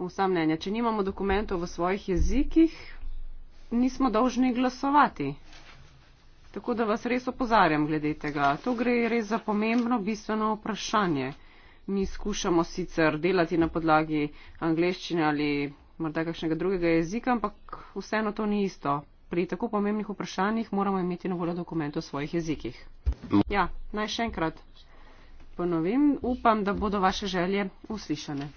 Vsa mnenja. Če nimamo dokumentov v svojih jezikih, nismo dolžni glasovati. Tako da vas res opozarjam glede tega. To gre res za pomembno, bistveno vprašanje. Mi skušamo sicer delati na podlagi angleščine ali morda kakšnega drugega jezika, ampak vseeno to ni isto pri tako pomembnih vprašanjih moramo imeti na voljo dokument v svojih jezikih. Ja, naj še enkrat ponovim. Upam, da bodo vaše želje uslišane.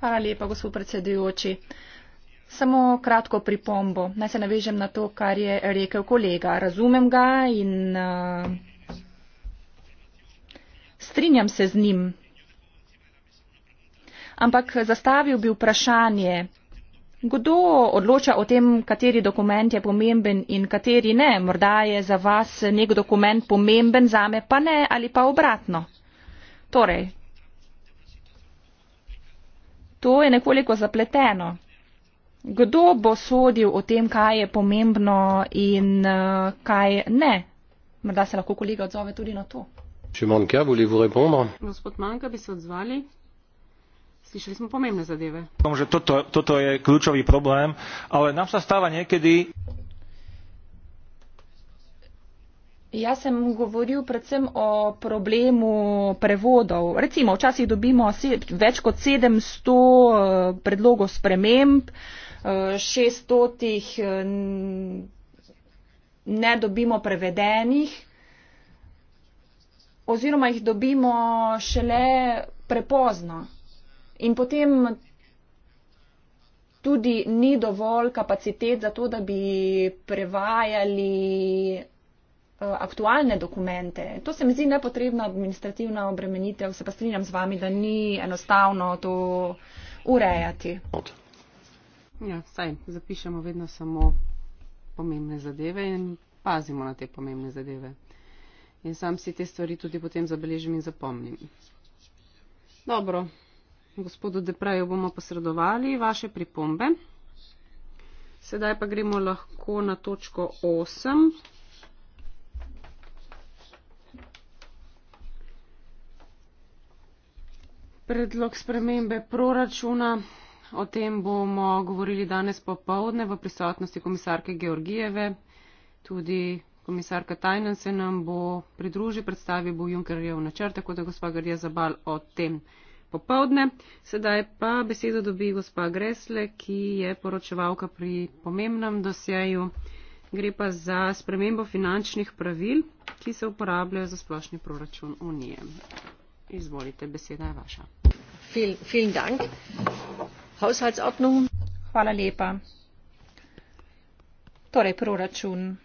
Hvala lepa, gospod predsedujoči. Samo kratko pripombo. Naj se navežem na to, kar je rekel kolega. Razumem ga in uh, strinjam se z njim. Ampak zastavil bi vprašanje, Kdo odloča o tem, kateri dokument je pomemben in kateri ne? Morda je za vas nek dokument pomemben, za me pa ne ali pa obratno. Torej, to je nekoliko zapleteno. Kdo bo sodil o tem, kaj je pomembno in uh, kaj ne? Morda se lahko kolega odzove tudi na to. Gospod Manka, bi se odzvali? Slyšeli smo pomembne zadeve. Tom, že toto, toto je kľúčový problém, ale nám sa stáva niekedy... Ja sem govoril predvsem o problemu prevodov. Recimo, včasih dobimo več kot 700 eh, predlogov sprememb, 600 eh, eh, ne dobimo prevedenih oziroma jih dobimo šele prepozno. In potem tudi ni dovolj kapacitet za to, da bi prevajali eh, aktualne dokumente. To se mi zdi nepotrebna administrativna obremenitev. Se pa strinjam z vami, da ni enostavno to urejati. Ja, saj zapišemo vedno samo pomembne zadeve in pazimo na te pomembne zadeve. In sam si te stvari tudi potem zabeležim in zapomnim. Dobro, Gospodu Depreju bomo posredovali vaše pripombe. Sedaj pa gremo lahko na točko 8. Predlog spremembe proračuna. O tem bomo govorili danes popovdne v prisotnosti komisarke Georgijeve. Tudi komisarka Tajnen se nam bo pridružila, predstavi bo Junkerjev načrt, tako da gospod Gardija Zabal o tem popovdne. Sedaj pa besedo dobi gospa Gresle, ki je poročevalka pri pomembnem dosjeju. Gre pa za spremembo finančnih pravil, ki se uporabljajo za splošni proračun Unije. Izvolite, beseda je vaša. Vielen Dank. Haushaltsordnung. Hvala lepa. Torej, proračun.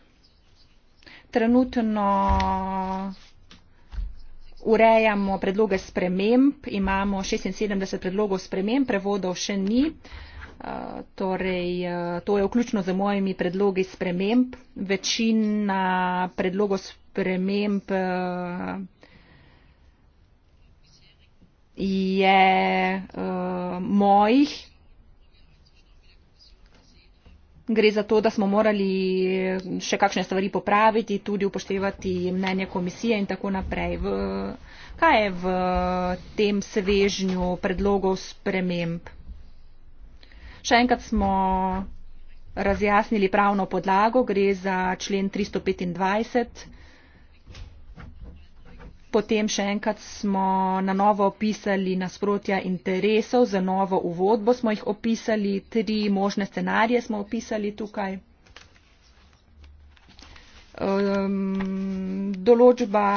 Trenutno urejamo predloge sprememb, imamo 76 predlogov sprememb, prevodov še ni. Eh, torej, eh, to je vključno za mojimi predlogi sprememb. Večina predlogov sprememb eh, je uh, mojih, Gre za to, da smo morali še kakšne stvari popraviti, tudi upoštevati mnenje komisije in tako naprej. V, kaj je v tem svežnju predlogov sprememb? Še enkrat smo razjasnili pravno podlago, gre za člen 325. Potem še enkrat smo na novo opisali nasprotja interesov, za novo uvodbo smo jih opisali, tri možne scenarije smo opisali tukaj. Um, določba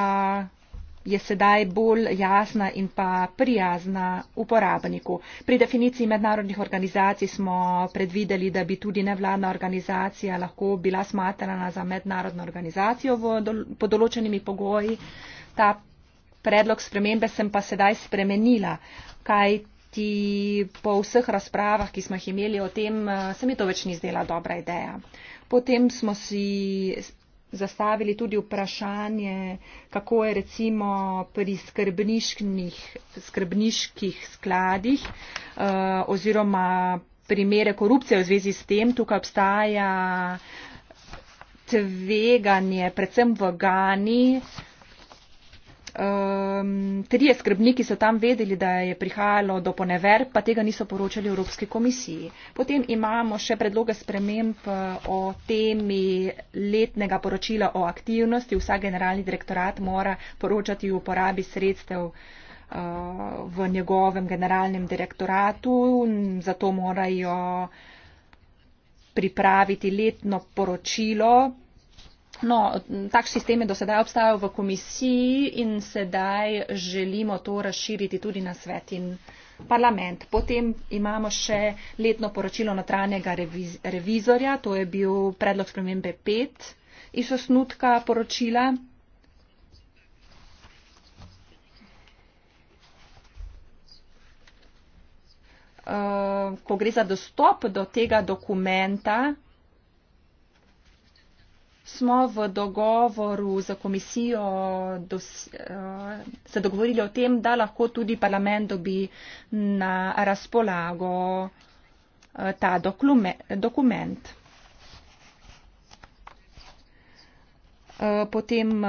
je sedaj bolj jasna in pa prijazna uporabniku. Pri definiciji mednarodnih organizacij smo predvideli, da bi tudi nevladna organizacija lahko bila smatrana za mednarodno organizacijo dol po določenimi pogoji. Uh, ta predlog spremembe sem pa sedaj spremenila, kaj ti po vseh razpravah, ki smo jih imeli o tem, eh, se mi to več ni zdela dobra ideja. Potem smo si zastavili tudi vprašanje, kako je recimo pri skrbniških skladih eh, oziroma primere korupcije v zvezi s tem. Tukaj obstaja tveganje, predvsem v Gani, Um, trije skrbniki so tam vedeli, da je prihajalo do ponever, pa tega niso poročali Evropski komisiji. Potem imamo še predloge sprememb uh, o temi letnega poročila o aktivnosti. Vsa generalni direktorat mora poročati o uporabi sredstev uh, v njegovem generalnem direktoratu. Zato morajo pripraviti letno poročilo, No, tak sistem je do sedaj obstajal v komisiji in sedaj želimo to razširiti tudi na svet in parlament. Potem imamo še letno poročilo notranjega reviz revizorja, to je bil predlog spremembe 5 iz osnutka poročila. Uh, ko gre za dostop do tega dokumenta, smo v dogovoru za komisijo dos, eh, se dogovorili o tem, da lahko tudi parlament dobi na razpolago eh, ta dokument. Eh, potem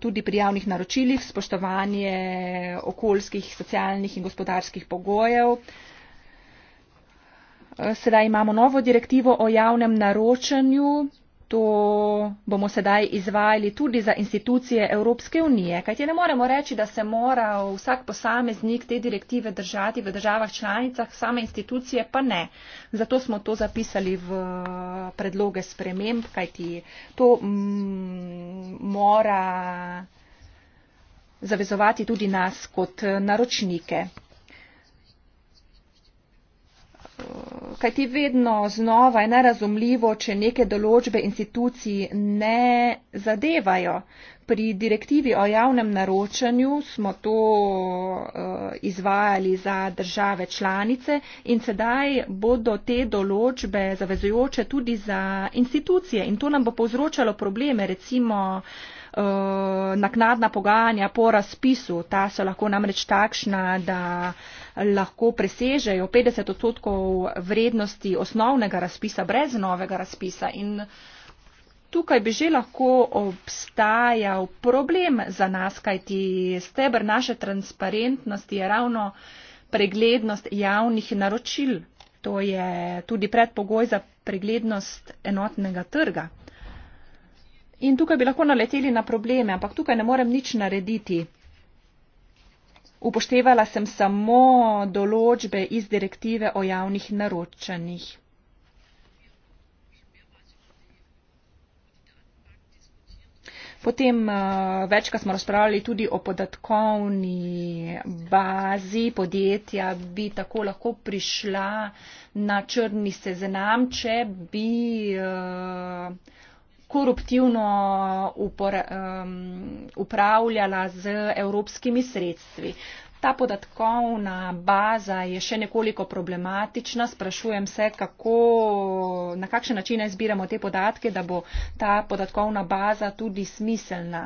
tudi pri javnih naročilih spoštovanje okoljskih, socialnih in gospodarskih pogojev. Sedaj imamo novo direktivo o javnem naročanju, to bomo sedaj izvajali tudi za institucije Evropske unije, kajti ne moremo reči, da se mora vsak posameznik te direktive držati v državah članicah, same institucije pa ne. Zato smo to zapisali v predloge sprememb, kajti to mm, mora zavezovati tudi nas kot naročnike kaj ti vedno znova je nerazumljivo, če neke določbe institucij ne zadevajo. Pri direktivi o javnem naročanju smo to eh, izvajali za države članice in sedaj bodo te določbe zavezujoče tudi za institucije in to nam bo povzročalo probleme, recimo Eh, naknadna pogajanja po razpisu, ta so lahko namreč takšna, da lahko presežejo 50 odstotkov vrednosti osnovnega razpisa brez novega razpisa. In tukaj bi že lahko obstajal problem za nas, kajti stebr naše transparentnosti je ravno preglednost javnih naročil. To je tudi predpogoj za preglednost enotnega trga in tukaj bi lahko naleteli na probleme, ampak tukaj ne morem nič narediti. Upoštevala sem samo določbe iz direktive o javnih naročanjih. Potem eh, večkrat smo razpravljali tudi o podatkovni bazi podjetja, bi tako lahko prišla na črni seznam, če bi uh, koruptivno upravljala z evropskimi sredstvi. Ta podatkovna baza je še nekoliko problematična. Sprašujem se, kako, na kakšen način izbiramo te podatke, da bo ta podatkovna baza tudi smiselna.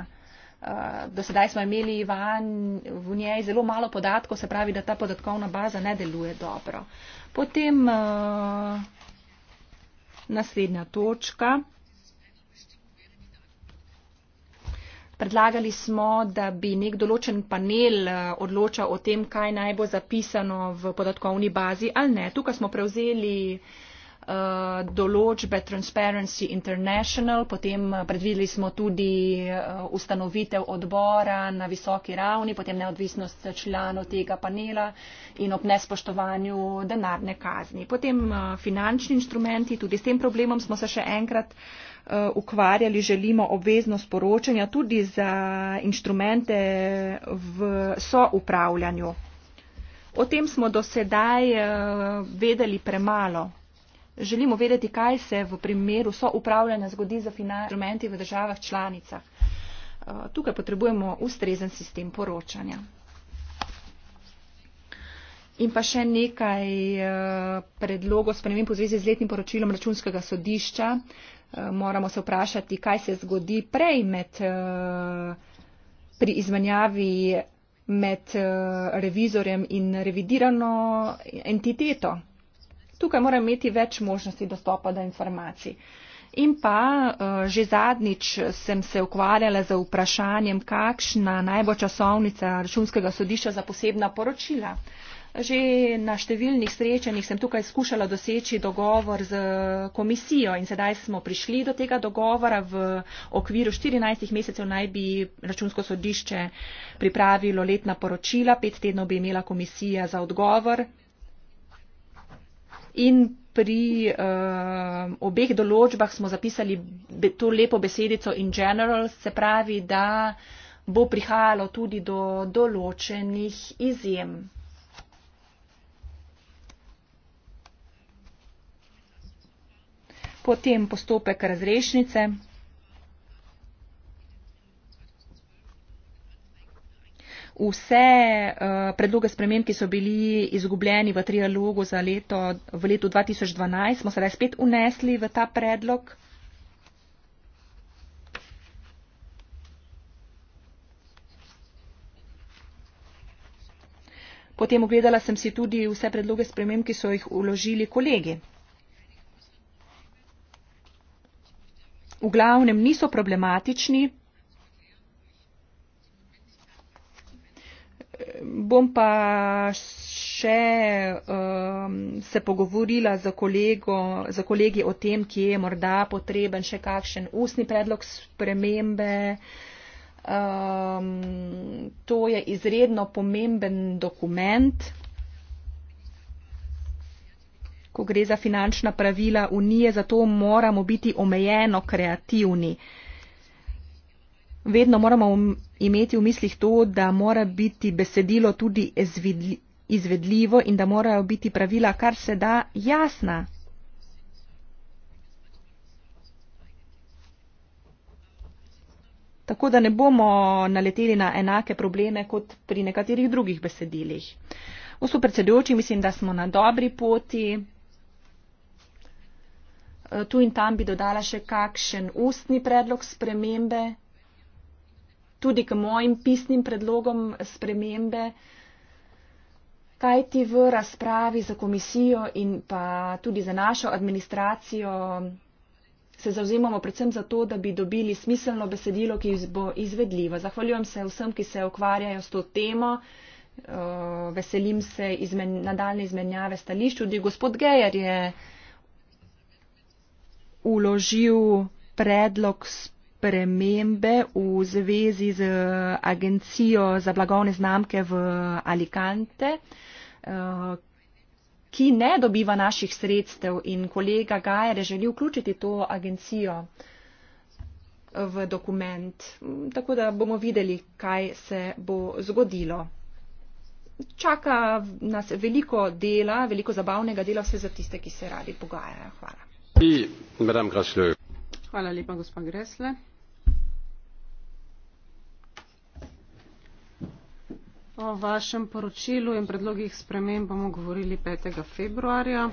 Eh, do sedaj smo imeli van, v njej zelo malo podatkov, se pravi, da ta podatkovna baza ne deluje dobro. Potem eh, naslednja točka. Predlagali smo, da bi nek določen panel eh, odločal o tem, kaj naj bo zapisano v podatkovni bazi ali ne. Tukaj smo prevzeli eh, določbe Transparency International, potem eh, predvideli smo tudi ustanovitev odbora na visoki ravni, potem neodvisnost članov tega panela in ob nespoštovanju denarne kazni. Potem finančni inštrumenti, tudi s tem problemom smo se še enkrat uh, Eh, ukvarjali, želimo obveznost poročanja tudi za inštrumente v soupravljanju. O tem smo do sedaj eh, vedeli premalo. Želimo vedeti, kaj se v primeru soupravljanja zgodi za instrumenti v državah članicah. Eh, tukaj potrebujemo ustrezen sistem poročanja. In pa še nekaj eh, predlogov spremenim po zvezi z letnim poročilom računskega sodišča. Eh, moramo se vprašati, kaj se zgodi prej med, eh, pri izmenjavi med revizorjem in revidirano entiteto. Tukaj mora imeti več možnosti dostopa do informacij. In pa že zadnjič sem se ukvarjala z vprašanjem, kakšna naj bo časovnica računskega sodišča za posebna poročila. Že na številnih srečanjih sem tukaj skušala doseči dogovor z komisijo in sedaj smo prišli do tega dogovora. V okviru 14 mesecev naj bi računsko sodišče pripravilo letna poročila, pet tednov bi imela komisija za odgovor. In pri uh, obeh določbah smo zapisali be, to lepo besedico in general, se pravi, da bo prihajalo tudi do določenih izjem. potem postopek razrešnice. Vse eh, predloge spremem, ki so bili izgubljeni v trialogu za leto, v letu 2012, smo sedaj spet unesli v ta predlog. Potem ogledala sem si tudi vse predloge spremem, ki so jih uložili kolegi. v glavnem niso problematični. Bom pa še um, se pogovorila z, kolego, z kolegi o tem, kje je morda potreben še kakšen ustni predlog spremembe. Um, to je izredno pomemben dokument, ko gre za finančna pravila unije, zato moramo biti omejeno kreativni. Vedno moramo imeti v mislih to, da mora biti besedilo tudi izvedljivo in da morajo biti pravila kar se da jasna. Tako da ne bomo naleteli na enake probleme kot pri nekaterih drugih besedilih. Vso predsedujoči, mislim, da smo na dobri poti. Eh, tu in tam bi dodala še kakšen ustni predlog spremembe, tudi k mojim pisnim predlogom spremembe, kajti v razpravi za komisijo in pa tudi za našo administracijo se zauzemamo predvsem za to, da bi dobili smiselno besedilo, ki bo izvedljivo. Zahvaljujem se vsem, ki se ukvarjajo s to temo. Eh, veselim se izmen, nadaljne izmenjave stališč. Tudi gospod Gejer je uložil predlog spremembe v zvezi z eh, agencijo za blagovne znamke v Alicante, eh, ki ne dobiva naših sredstev in kolega Gajer je želel vključiti to agencijo eh, v dokument. Mm, tako da bomo videli, kaj se bo zgodilo. Čaka nas veliko dela, veliko zabavnega dela vse za tiste, ki se radi pogajajo. Hvala hvala lepa gospa grle o vašem poročilu in predlogih sprememb bomo govorili pet februarja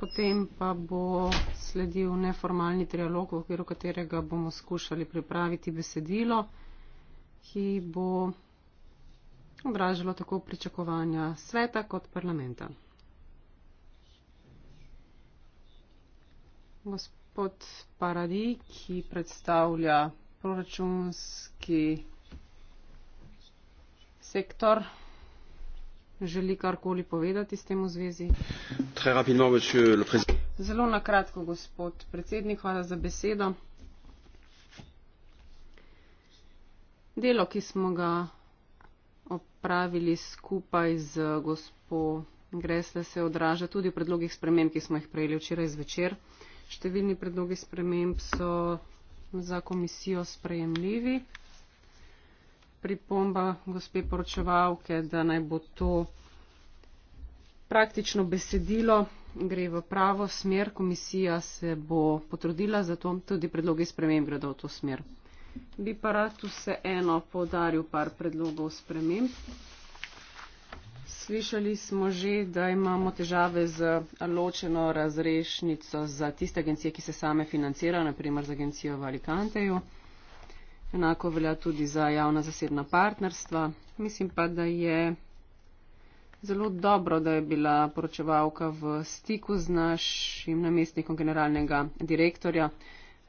potem pa bo sledil neformalni trialog v okviru katerega bomo skušali pripraviti besedilo ki bo odražalo tako pričakovanja sveta kot parlamenta gospod Paradi, ki predstavlja proračunski sektor. Želi karkoli povedati s tem v zvezi? Zelo nakratko, gospod predsednik, hvala za besedo. Delo, ki smo ga opravili skupaj z gospod Gresle, se odraža tudi v predlogih sprememb, ki smo jih prejeli včeraj zvečer. Številni predlogi sprememb so za komisijo sprejemljivi. Pripomba gospe poročevalke, da naj bo to praktično besedilo, gre v pravo smer, komisija se bo potrudila, zato tudi predlogi sprememb gredo v to smer. Bi pa rad tu se eno podaril par predlogov sprememb slišali smo že, da imamo težave z ločeno razrešnico za tiste agencije, ki se same financirajo, naprimer za agencijo v Alicanteju. Enako velja tudi za javna zasebna partnerstva. Mislim pa, da je zelo dobro, da je bila poročevalka v stiku z našim namestnikom generalnega direktorja.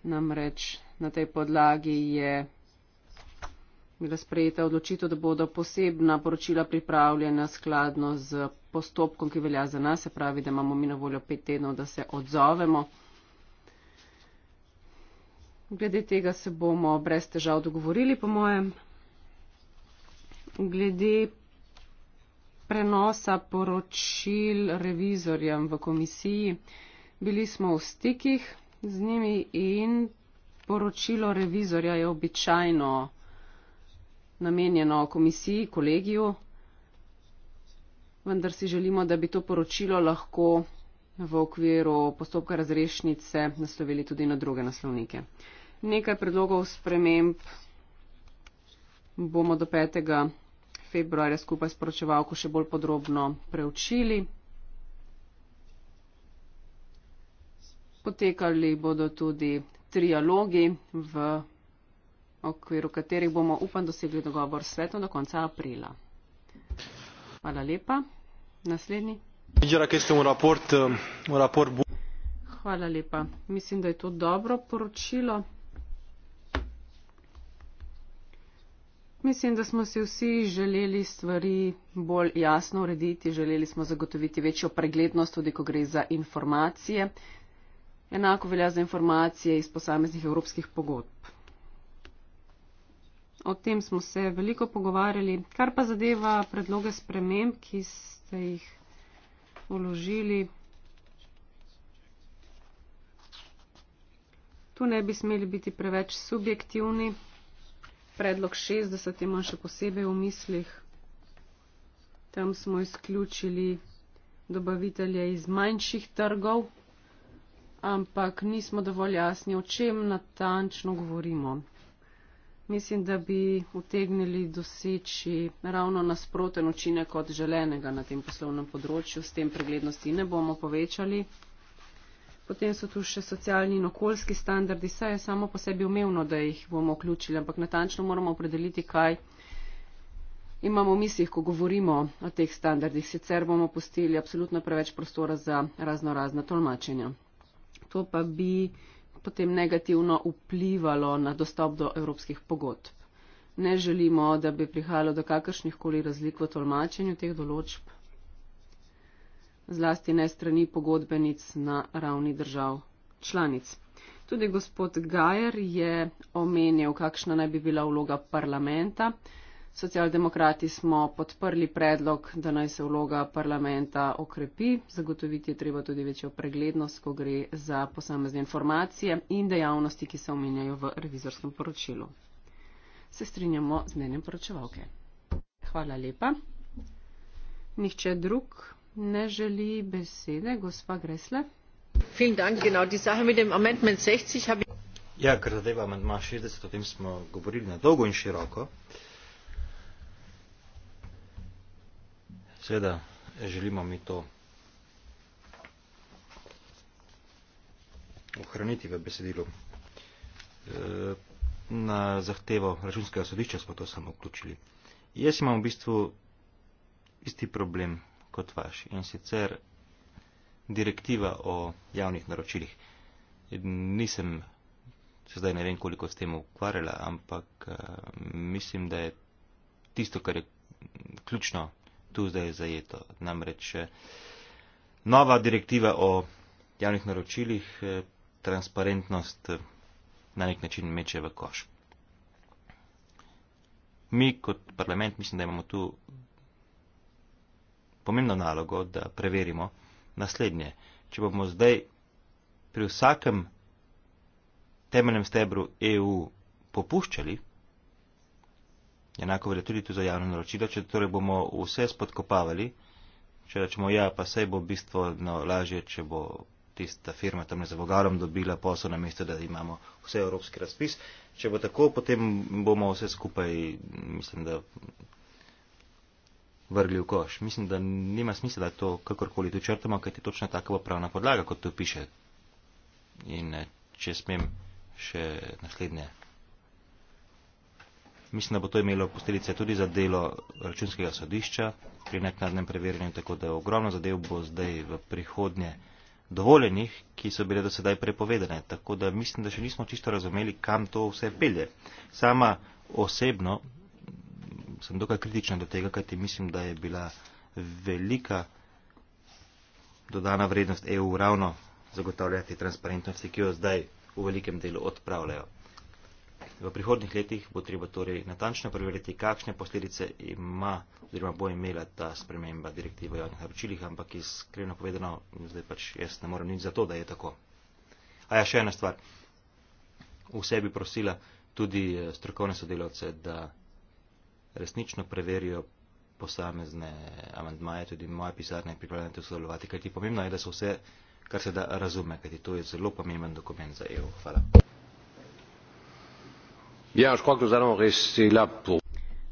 Namreč na tej podlagi je bila sprejeta odločitev, da bodo posebna poročila pripravljena skladno z postopkom, ki velja za nas, se pravi, da imamo mi na voljo pet tednov, da se odzovemo. Glede tega se bomo brez težav dogovorili, po mojem. Glede prenosa poročil revizorjem v komisiji, bili smo v stikih z njimi in poročilo revizorja je običajno namenjeno komisiji, kolegiju, vendar si želimo, da bi to poročilo lahko v okviru postopka razrešnice naslovili tudi na druge naslovnike. Nekaj predlogov sprememb bomo do 5. februarja skupaj s poročevalko še bolj podrobno preučili. Potekali bodo tudi trialogi v okviru katerih bomo upam dosegli dogovor s svetom do konca aprila. Hvala lepa. Naslednji. Eh, Hvala lepa. Mislim, da je to dobro poročilo. Mislim, da smo si vsi želeli stvari bolj jasno urediti, želeli smo zagotoviti večjo preglednost, tudi ko gre za informacije. Enako velja za informacije iz posameznih evropskih pogodb. O tem smo se veliko pogovarjali. Kar pa zadeva predloge sprememb, ki ste jih uložili, tu ne bi smeli biti preveč subjektivni. Predlog 60 imam še posebej v mislih. Tam smo izključili dobavitelje iz manjših trgov, ampak nismo dovolj jasni, o čem natančno govorimo mislim, da bi utegnili doseči ravno nasproten učinek kot želenega na tem poslovnem področju. S tem preglednosti ne bomo povečali. Potem so tu še socialni in okoljski standardi. Vse je samo po sebi umevno, da jih bomo vključili, ampak natančno moramo opredeliti, kaj imamo v mislih, ko govorimo o teh standardih. Sicer bomo postili apsolutno preveč prostora za razno razna tolmačenja. To pa bi potem negativno vplivalo na dostop do evropskih pogodb. Ne želimo, da bi prihajalo do kakršnih koli razlik v tolmačenju teh določb, zlasti ne strani pogodbenic na ravni držav članic. Tudi gospod Gajer je omenil, kakšna naj bi bila vloga parlamenta. Socialdemokrati smo podprli predlog, da naj se vloga parlamenta okrepi. Zagotoviti je treba tudi večjo preglednost, ko gre za posamezne informacije in dejavnosti, ki se omenjajo v revizorskem poročilu. Se strinjamo z mnenjem poročevalke. Hvala lepa. Nihče drug ne želi besede. Gospa Gresle. Ja, ker zadeva amantma 60, o tem smo govorili na dolgo in široko. Seveda želimo mi to ohraniti v besedilu. E, na zahtevo računskega sodišča smo to samo vključili. Jaz imam v bistvu isti problem kot vaš in sicer direktiva o javnih naročilih. Nisem se zdaj ne vem, koliko s tem ukvarjala, ampak e, mislim, da je tisto, kar je ključno tu zdaj zajeto. Namreč eh, nova direktiva o javnih naročilih eh, transparentnost eh, na nek način meče v koš. Mi kot parlament mislim, da imamo tu pomembno nalogo, da preverimo naslednje. Če bomo zdaj pri vsakem temeljnem stebru EU popuščali, enako velja tudi tu za javno naročilo, če torej bomo vse spodkopavali, če rečemo ja, pa sej bo bistvo no, lažje, če bo tista firma tam za vogalom dobila posel na mesto, da imamo vse evropski razpis. Če bo tako, potem bomo vse skupaj, mislim, da vrgli v koš. Mislim, da nima smisla, da to kakorkoli dočrtamo, kaj ti točno tako bo pravna podlaga, kot to piše. In eh, če smem še naslednje Mislim, da bo to imelo posledice tudi za delo računskega sodišča pri nekadnem preverjanju, tako da ogromno zadev bo zdaj v prihodnje dovoljenih, ki so bile do sedaj prepovedane. Tako da mislim, da še nismo čisto razumeli, kam to vse pelje. Sama osebno sem dokaj kritična do tega, kajti mislim, da je bila velika dodana vrednost EU ravno zagotavljati transparentnosti, ki jo zdaj v velikem delu odpravljajo. V prihodnih letih bo treba torej natančno preveriti, kakšne posledice ima oziroma bo imela ta sprememba direktive o javnih naročilih, ampak iskreno povedano, zdaj pač jaz ne morem nič za to, da je tako. A ja, še ena stvar. Vse bi prosila tudi eh, strokovne sodelavce, da resnično preverijo posamezne amandmaje, tudi moje pisarne pripravljene to sodelovati, kajti pomembno je, da se vse, kar se da, razume, kajti to je zelo pomemben dokument za EU. Hvala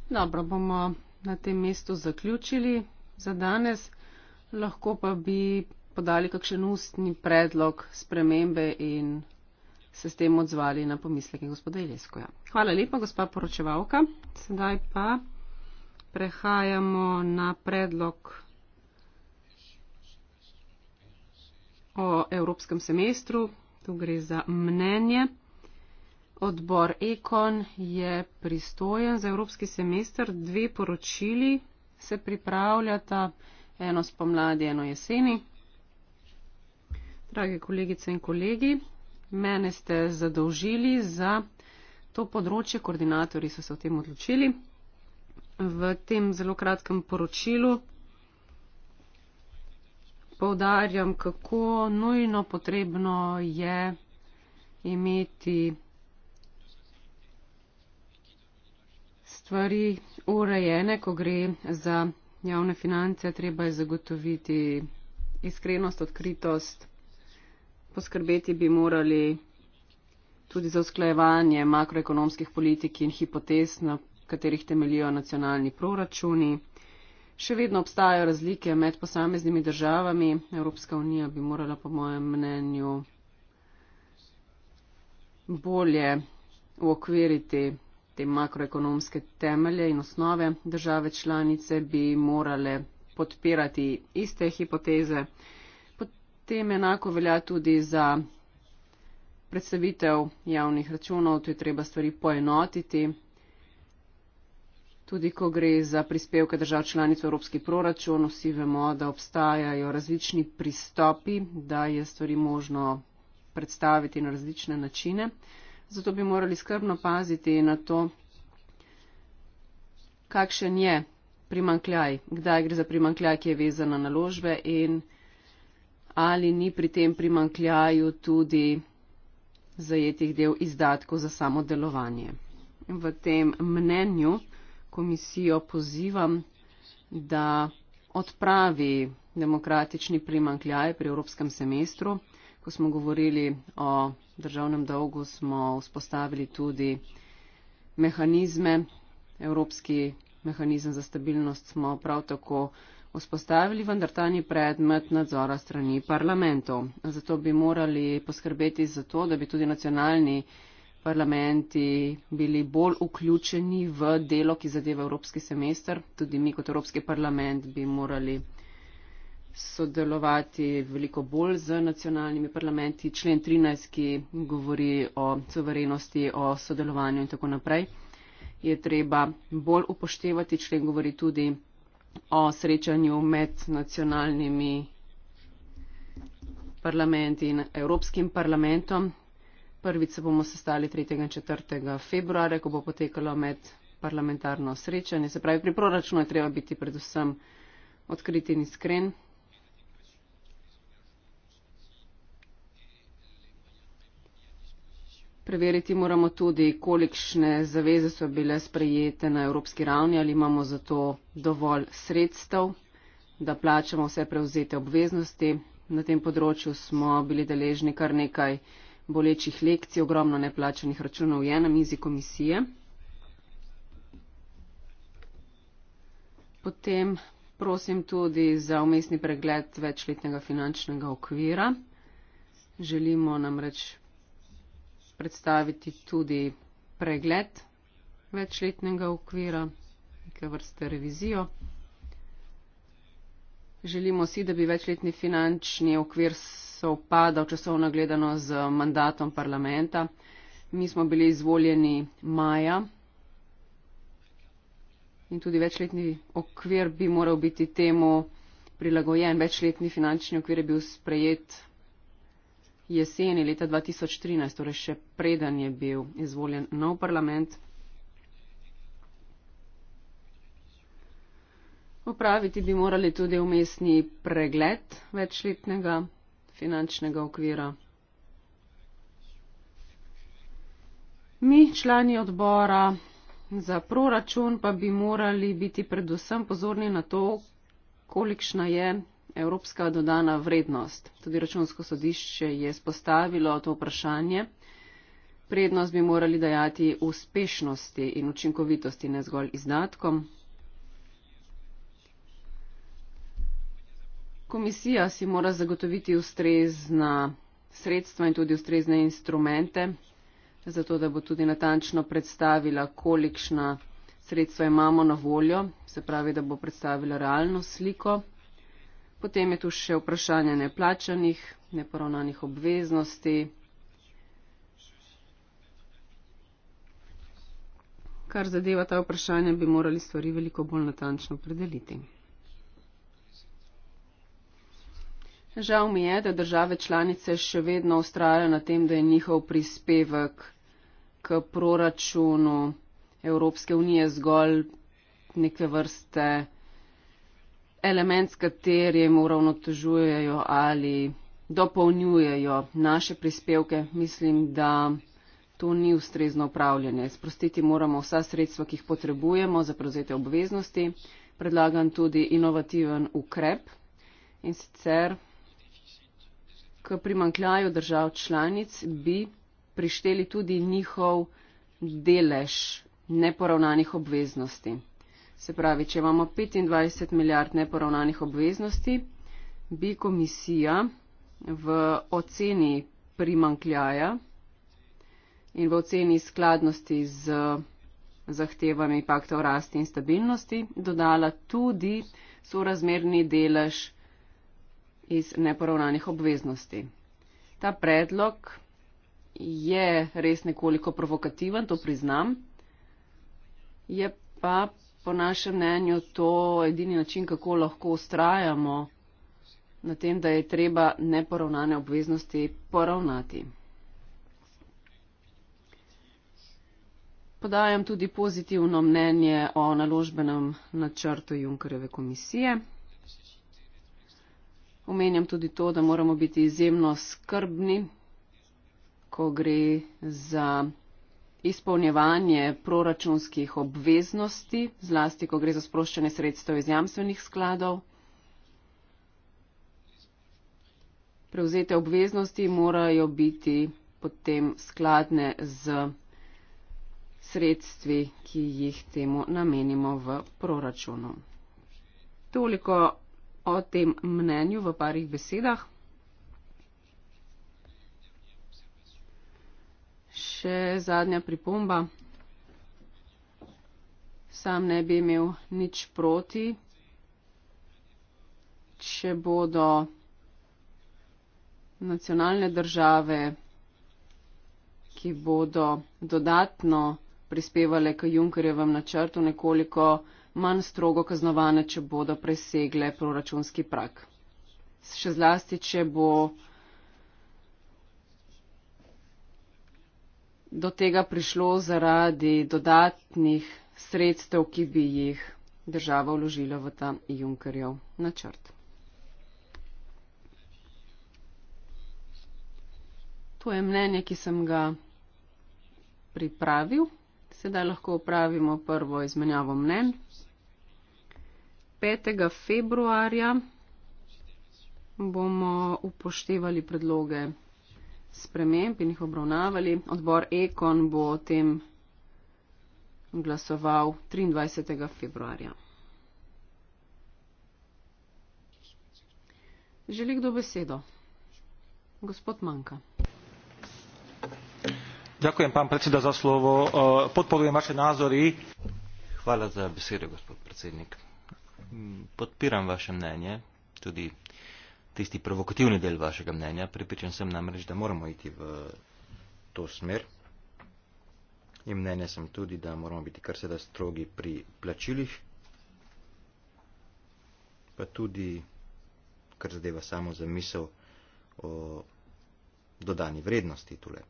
dobro bomo na tem mestu zaključili za danes lahko pa bi podali kakšen ustni predlog spremembe in se s tem odzvali na pomisleke gospoda Ileskoja. Hvala lepa, gospa poročevalka. Sedaj pa prehajamo na predlog o evropskem semestru. Tu gre za mnenje. Odbor Ekon je pristojen za evropski semester. Dve poročili se pripravljata, eno spomladi, eno jeseni. Drage kolegice in kolegi, mene ste zadolžili za to področje, koordinatori so se o tem odločili. V tem zelo kratkem poročilu poudarjam, kako nujno potrebno je imeti stvari urejene, ko gre za javne finance, treba je zagotoviti iskrenost, odkritost, poskrbeti bi morali tudi za usklajevanje makroekonomskih politik in hipotez, na katerih temelijo nacionalni proračuni. Še vedno obstajajo razlike med posameznimi državami. Evropska unija bi morala, po mojem mnenju, bolje uokviriti te makroekonomske temelje in osnove države članice bi morale podpirati iste hipoteze. Potem enako velja tudi za predstavitev javnih računov, tu je treba stvari poenotiti. Tudi, ko gre za prispevke držav članic v Evropski proračun, vsi vemo, da obstajajo različni pristopi, da je stvari možno predstaviti na različne načine zato bi morali skrbno paziti na to, kakšen je primankljaj, kdaj gre za primankljaj, ki je vezan na naložbe in ali ni pri tem primankljaju tudi zajetih del izdatkov za samo delovanje. V tem mnenju komisijo pozivam, da odpravi demokratični primankljaj pri evropskem semestru. Ko smo govorili o državnem dolgu, smo vzpostavili tudi mehanizme. Evropski mehanizem za stabilnost smo prav tako vzpostavili, vendar ta ni predmet nadzora strani parlamentov. Zato bi morali poskrbeti za to, da bi tudi nacionalni parlamenti bili bolj vključeni v delo, ki zadeva evropski semester. Tudi mi kot Evropski parlament bi morali sodelovati veliko bolj z nacionalnimi parlamenti. Člen 13, ki govori o soverenosti, o sodelovanju in tako naprej, je treba bolj upoštevati. Člen govori tudi o srečanju med nacionalnimi parlamenti in Evropskim parlamentom. Prvič se bomo sestali 3. in 4. februarja, ko bo potekalo med parlamentarno srečanje. Se pravi, pri proračunu je treba biti predvsem odkriti in iskren. Preveriti moramo tudi, kolikšne zaveze so bile sprejete na evropski ravni, ali imamo za to dovolj sredstev, da plačamo vse prevzete obveznosti. Na tem področju smo bili deležni kar nekaj bolečih lekcij, ogromno neplačenih računov je na mizi komisije. Potem prosim tudi za umestni pregled večletnega finančnega okvira. Želimo namreč predstaviti tudi pregled večletnega okvira, neke vrste revizijo. Želimo si, da bi večletni finančni okvir sovpadal časovno gledano z mandatom parlamenta. Mi smo bili izvoljeni maja in tudi večletni okvir bi moral biti temu prilagojen. Večletni finančni okvir je bil sprejet jeseni leta 2013, torej še preden je bil izvoljen nov parlament, upraviti bi morali tudi umestni pregled večletnega finančnega okvira. Mi, člani odbora za proračun, pa bi morali biti predvsem pozorni na to, kolikšna je evropska dodana vrednost. Tudi računsko sodišče je spostavilo to vprašanje. Prednost bi morali dajati uspešnosti in učinkovitosti, ne zgolj izdatkom. Komisija si mora zagotoviti ustrezna sredstva in tudi ustrezne instrumente, zato da bo tudi natančno predstavila, kolikšna sredstva imamo na voljo, se pravi, da bo predstavila realno sliko. Potem je tu še vprašanje neplačanih, neporavnanih obveznosti. Kar zadeva ta vprašanja, bi morali stvari veliko bolj natančno predeliti. Žal mi je, da države članice še vedno ustrajajo na tem, da je njihov prispevek k proračunu Evropske unije zgolj neke vrste element, s katerim uravnotežujejo ali dopolnjujejo naše prispevke, mislim, da to ni ustrezno upravljanje. Sprostiti moramo vsa sredstva, ki jih potrebujemo za prevzete obveznosti. Predlagam tudi inovativen ukrep in sicer k primankljaju držav članic bi prišteli tudi njihov delež neporavnanih obveznosti. Se pravi, če imamo 25 milijard neporavnanih obveznosti, bi komisija v oceni primankljaja in v oceni skladnosti z zahtevami pakta o rasti in stabilnosti dodala tudi sorazmerni delež iz neporavnanih obveznosti. Ta predlog je res nekoliko provokativen, to priznam, je pa po našem mnenju to edini način, kako lahko ustrajamo na tem, da je treba neporavnane obveznosti poravnati. Podajam tudi pozitivno mnenje o naložbenem načrtu Junkereve komisije. Omenjam tudi to, da moramo biti izjemno skrbni, ko gre za izpolnjevanje proračunskih obveznosti, zlasti, ko gre za sproščanje sredstev iz jamstvenih skladov. Prevzete obveznosti morajo biti potem skladne z sredstvi, ki jih temu namenimo v proračunu. Toliko o tem mnenju v parih besedah. Še zadnja pripomba. Sam ne bi imel nič proti, če bodo nacionalne države, ki bodo dodatno prispevale k Junkerjevem načrtu, nekoliko manj strogo kaznovane, če bodo presegle proračunski prak. Še zlasti, če bo. do tega prišlo zaradi dodatnih sredstev, ki bi jih država vložila v ta Junkerjev načrt. To je mnenje, ki sem ga pripravil. Sedaj lahko opravimo prvo izmenjavo mnen. 5. februarja bomo upoštevali predloge sprememb in jih obravnavali. Odbor Ekon bo o tem glasoval 23. februarja. Želi kdo besedo? Gospod Manka. Ďakujem, pán predseda, za slovo. E, podporujem vaše názory. Hvala za besedo, gospod predsednik. Podpiram vaše mnenje, tudi uh, tisti provokativni del vašega mnenja. Pripričan sem namreč, da moramo iti v to smer. In mnenja sem tudi, da moramo biti kar se da strogi pri plačilih, pa tudi, kar zadeva samo zamisel o dodani vrednosti tule.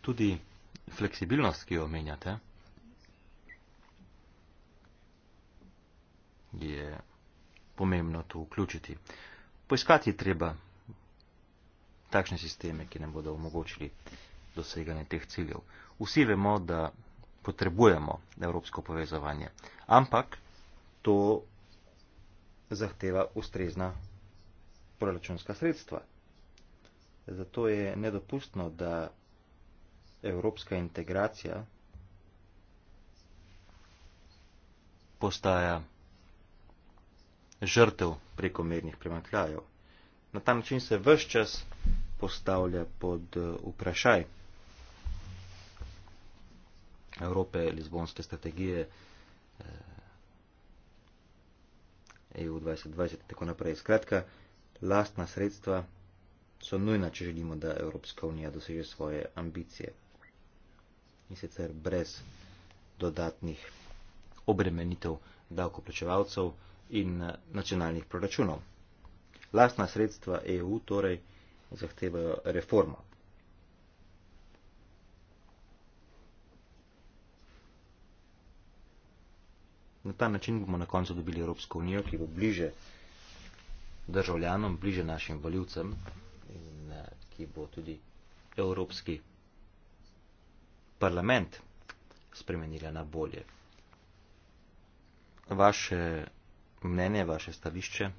Tudi fleksibilnost, ki jo omenjate, je pomembno tu vključiti. Poiskati je treba takšne sisteme, ki nam bodo omogočili doseganje teh ciljev. Vsi vemo, da potrebujemo evropsko povezovanje, ampak to zahteva ustrezna proračunska sredstva. Zato je nedopustno, da evropska integracija postaja žrtev prekomernih premakljajev. Na ta način se vse čas postavlja pod eh, vprašaj Evrope, Lizbonske strategije, EU eh, e 2020 in tako naprej. Skratka, lastna sredstva so nujna, če želimo, da Evropska unija doseže svoje ambicije in sicer brez dodatnih obremenitev davkoplačevalcev in eh, nacionalnih proračunov. Lastna sredstva EU torej zahtevajo reformo. Na ta način bomo na koncu dobili Evropsko unijo, ki bo bliže državljanom, bliže našim voljivcem in eh, ki bo tudi Evropski parlament spremenila na bolje. Vaše mnenje, vaše stališče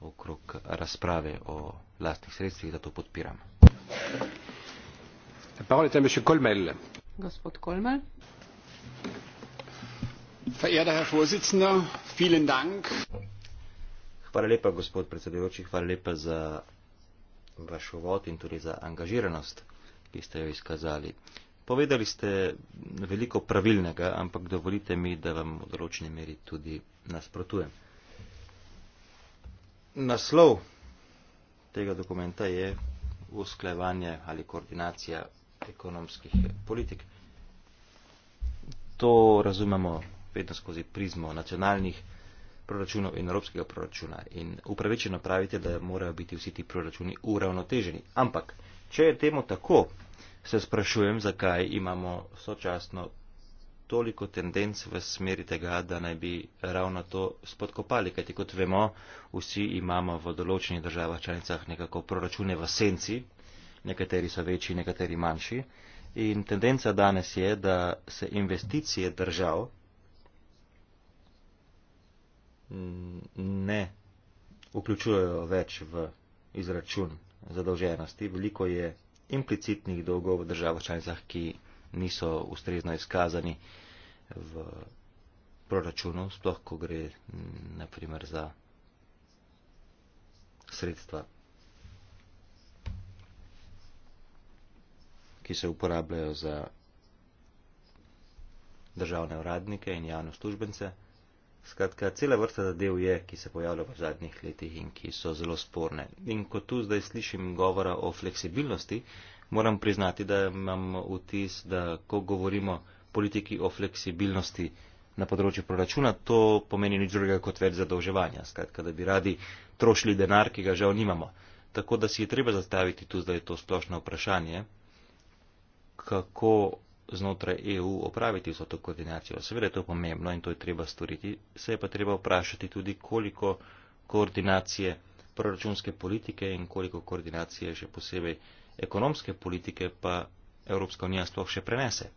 okrog razprave o lastnih sredstvih, da to podpiram. Gospod Kolmel. Hvala lepa, gospod predsedujoči, hvala lepa za vaš uvod in tudi za angažiranost, ki ste jo izkazali. Povedali ste veliko pravilnega, ampak dovolite mi, da vam v določeni meri tudi nasprotujem. Naslov tega dokumenta je usklajevanje ali koordinacija ekonomskih politik. To razumemo vedno skozi prizmo nacionalnih proračunov in evropskega proračuna. In upravičeno pravite, da morajo biti vsi ti proračuni uravnoteženi. Ampak, če je temu tako, se sprašujem, zakaj imamo sočasno toliko tendenc v smeri tega, da naj bi ravno to spodkopali, kajti kot vemo, vsi imamo v določenih državah članicah nekako proračune v senci, nekateri so večji, nekateri manjši. In tendenca danes je, da se investicije držav ne vključujejo več v izračun zadolženosti. Veliko je implicitnih dolgov v državah članicah, ki niso ustrezno izkazani v proračunu, sploh ko gre naprimer za sredstva, ki se uporabljajo za državne uradnike in javne službence. Skratka, cela vrsta zadev je, ki se pojavlja v zadnjih letih in ki so zelo sporne. In ko tu zdaj slišim govora o fleksibilnosti, moram priznati, da imam vtis, da ko govorimo politiki o fleksibilnosti na področju proračuna, to pomeni nič drugega kot več zadolževanja. Skratka, da bi radi trošili denar, ki ga žal nimamo. Tako da si je treba zastaviti tu zdaj to splošno vprašanje, kako znotraj EU opraviti vso to koordinacijo. Seveda je to pomembno in to je treba storiti. Se je pa treba vprašati tudi, koliko koordinacije proračunske politike in koliko koordinacije še posebej ekonomske politike pa Evropska unija sploh še prenese.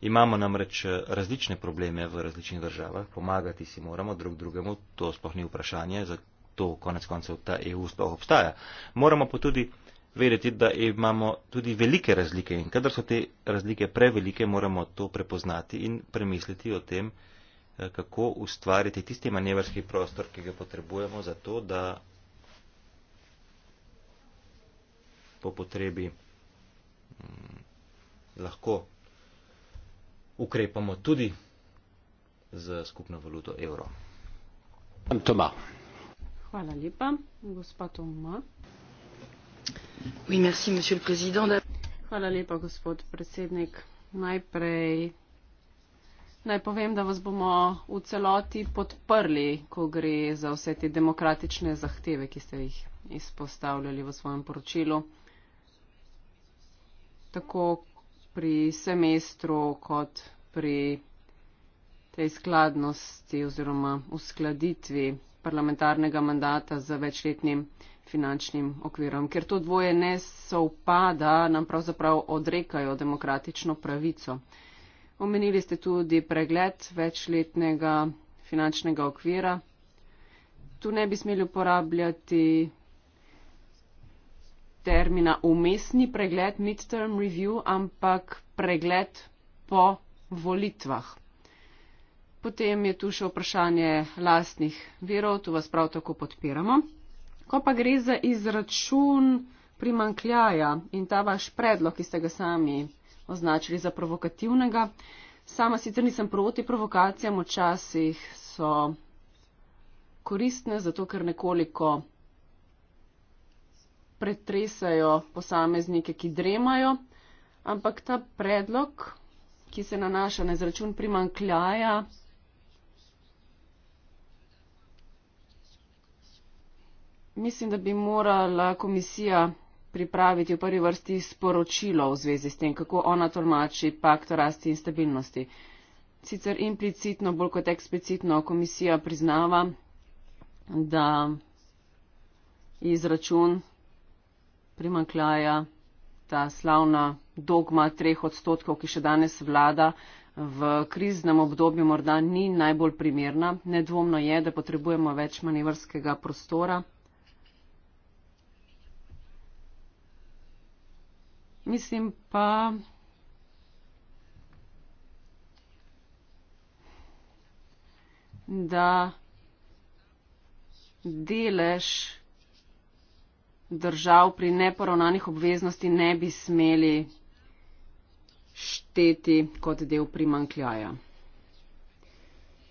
Imamo namreč eh, različne probleme v različnih državah, pomagati si moramo drug drugemu, to sploh ni vprašanje, zato konec koncev ta EU sploh obstaja. Moramo pa tudi vedeti, da imamo tudi velike razlike in kadar so te razlike prevelike, moramo to prepoznati in premisliti o tem, eh, kako ustvariti tisti manevrski prostor, ki ga potrebujemo za to, da po potrebi mm, lahko ukrepamo tudi z skupno valuto evro. Toma. Hvala lepa, gospod Toma hvala lepa gospod predsednik najprej naj povem da vas bomo v celoti podprli ko gre za vse te demokratične zahteve ki ste jih izpostavljali v svojem poročilu tako pri semestru kot pri tej skladnosti oziroma uskladitvi parlamentarnega mandata z večletnim finančnim okvirom finančnim okvirom, ker to dvoje ne sovpada, nam pravzaprav odrekajo demokratično pravico. Omenili ste tudi pregled večletnega finančnega okvira. Tu ne bi smeli uporabljati termina umestni pregled, midterm review, ampak pregled po volitvah. Potem je tu še vprašanje lastnih virov, tu vas prav tako podpiramo. Ko pa gre za izračun primankljaja in ta vaš predlog, ki ste ga sami označili za provokativnega, sama sicer nisem proti provokacijam, včasih so koristne, zato ker nekoliko pretresajo posameznike, ki dremajo, ampak ta predlog, ki se nanaša na izračun primankljaja, Mislim, da bi morala komisija pripraviti v prvi vrsti sporočilo v zvezi s tem, kako ona tolmači pakt o rasti in stabilnosti. Sicer implicitno, bolj kot eksplicitno, komisija priznava, da izračun primanklaja ta slavna dogma treh odstotkov, ki še danes vlada v kriznem obdobju, morda ni najbolj primerna. Nedvomno je, da potrebujemo več manevrskega prostora. Mislim pa. da delež držav pri neporavnanih obveznosti ne bi smeli šteti kot del primankljaja.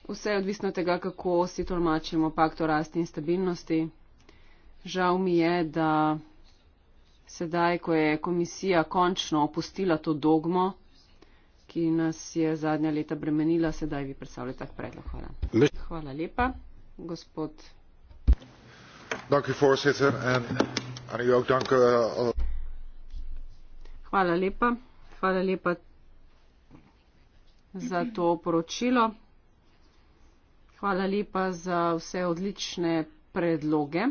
Vse je odvisno tega, kako si tolmačimo pakt o rasti in stabilnosti. Žal mi je, da Sedaj, ko je komisija končno opustila to dogmo, ki nas je zadnja leta bremenila, sedaj vi predstavljate tak predlog. Hvala. Hvala lepa, gospod. Eh, Hvala lepa. Hvala lepa za to poročilo. Hvala lepa za vse odlične predloge.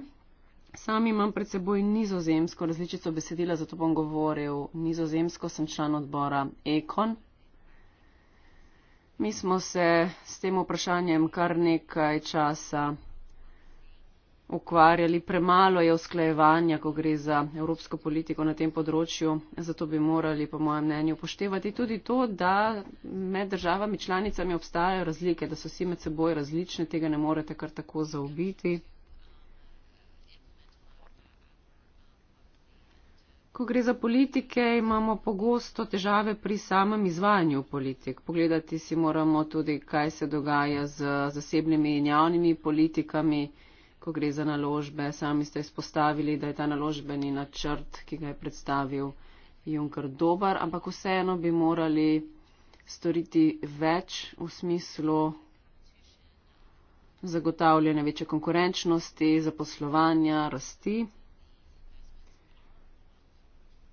Sam imam pred seboj nizozemsko različico besedila, zato bom govoril nizozemsko, sem član odbora Ekon. Mi smo se s tem vprašanjem kar nekaj časa ukvarjali, premalo je usklajevanja, ko gre za evropsko politiko na tem področju, zato bi morali, po mojem mnenju, upoštevati tudi to, da med državami članicami obstajajo razlike, da so vsi med seboj različne, tega ne morete kar tako zaobiti. Ko gre za politike, imamo pogosto težave pri samem izvajanju politik. Pogledati si moramo tudi, kaj se dogaja z zasebnimi in javnimi politikami, ko gre za naložbe. Sami ste izpostavili, da je ta naložbeni načrt, ki ga je predstavil Juncker, dober, ampak vseeno bi morali storiti več v smislu zagotavljanja večje konkurenčnosti, zaposlovanja, rasti.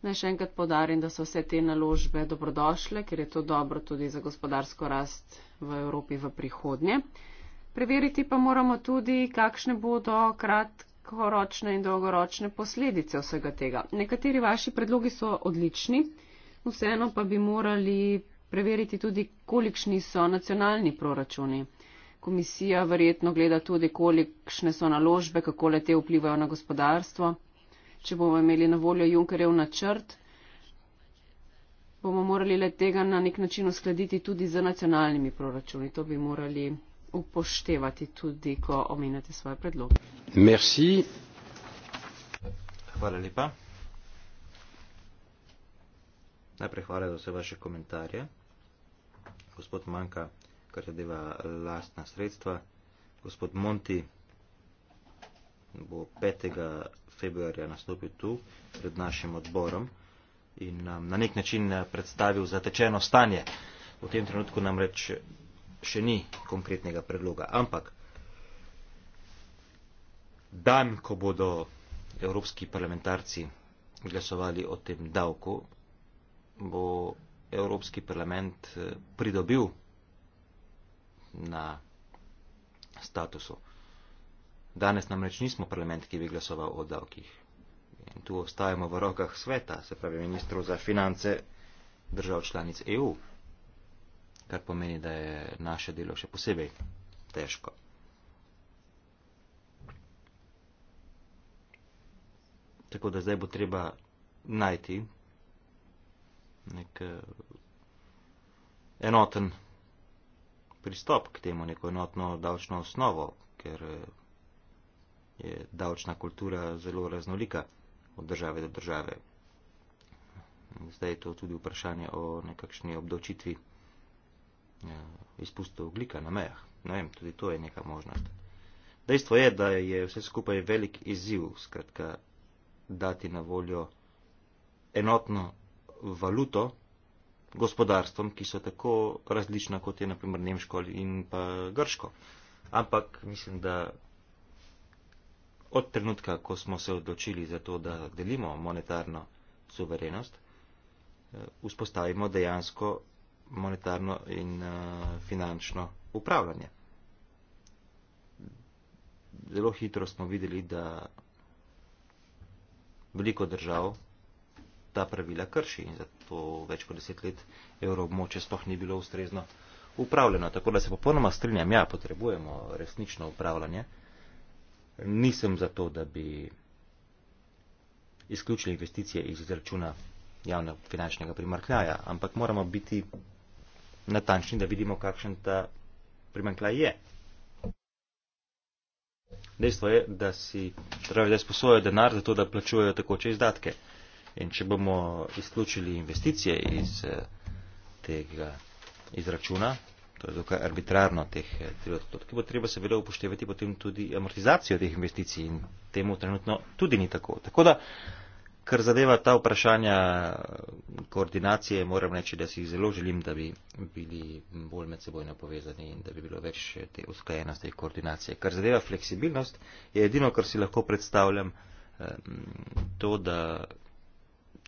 Naj še enkrat podarim, da so vse te naložbe dobrodošle, ker je to dobro tudi za gospodarsko rast v Evropi v prihodnje. Preveriti pa moramo tudi, kakšne bodo kratkoročne in dolgoročne posledice vsega tega. Nekateri vaši predlogi so odlični, vseeno pa bi morali preveriti tudi, kolikšni so nacionalni proračuni. Komisija verjetno gleda tudi, kolikšne so naložbe, kako le te vplivajo na gospodarstvo če bomo imeli na voljo Junkerjev načrt, bomo morali le tega na nek način uskladiti tudi z nacionalnimi proračuni. To bi morali upoštevati tudi, ko omenjate svoje predloge. Merci. Hvala lepa. Najprej hvala za vse vaše komentarje. Gospod Manka, kar zadeva lastna sredstva. Gospod Monti bo 5 februarja nastopil tu pred našim odborom in nam na nek način eh, predstavil zatečeno stanje. V tem trenutku nam reč še ni konkretnega predloga, ampak dan, ko bodo evropski parlamentarci glasovali o tem davku, bo Evropski parlament eh, pridobil na statusu. Danes namreč nismo parlament, ki bi glasoval o davkih. In tu ostajamo v rokah sveta, se pravi ministru za finance držav članic EU, kar pomeni, da je naše delo še posebej težko. Tako da zdaj bo treba najti nek eh, enoten pristop k temu, neko enotno davčno osnovo, ker eh, je davčna kultura zelo raznolika od države do države. Zdaj je to tudi vprašanje o nekakšni obdočitvi eh, izpustov oglika na mejah. Ne vem, tudi to je neka možnost. Dejstvo je, da je vse skupaj velik izziv, skratka, dati na voljo enotno valuto gospodarstvom, ki so tako različna, kot je naprimer Nemško in pa Grško. Ampak mislim, da od trenutka, ko smo se odločili za to, da delimo monetarno suverenost, eh, vzpostavimo dejansko monetarno in uh, finančno upravljanje. Zelo hitro smo videli, da veliko držav ta pravila krši in zato več kot deset let evroobmoče sploh ni bilo ustrezno upravljeno. Tako da se popolnoma strinjam, ja, potrebujemo resnično upravljanje nisem za to, da bi izključili investicije iz izračuna javnega finančnega primarkljaja, ampak moramo biti natančni, da vidimo, kakšen ta primarkljaj je. Dejstvo je, da si države zdaj sposojajo denar za to, da plačujejo takoče izdatke. In če bomo izključili investicije iz eh, tega izračuna, To je dokaj arbitrarno teh 3 eh, odstotki. Bo treba seveda upoštevati potem tudi amortizacijo teh investicij in temu trenutno tudi ni tako. Tako da, kar zadeva ta vprašanja eh, koordinacije, moram reči, da si jih zelo želim, da bi bili bolj med seboj napovezani in da bi bilo več eh, te usklajenosti in koordinacije. Kar zadeva fleksibilnost, je edino, kar si lahko predstavljam, to, da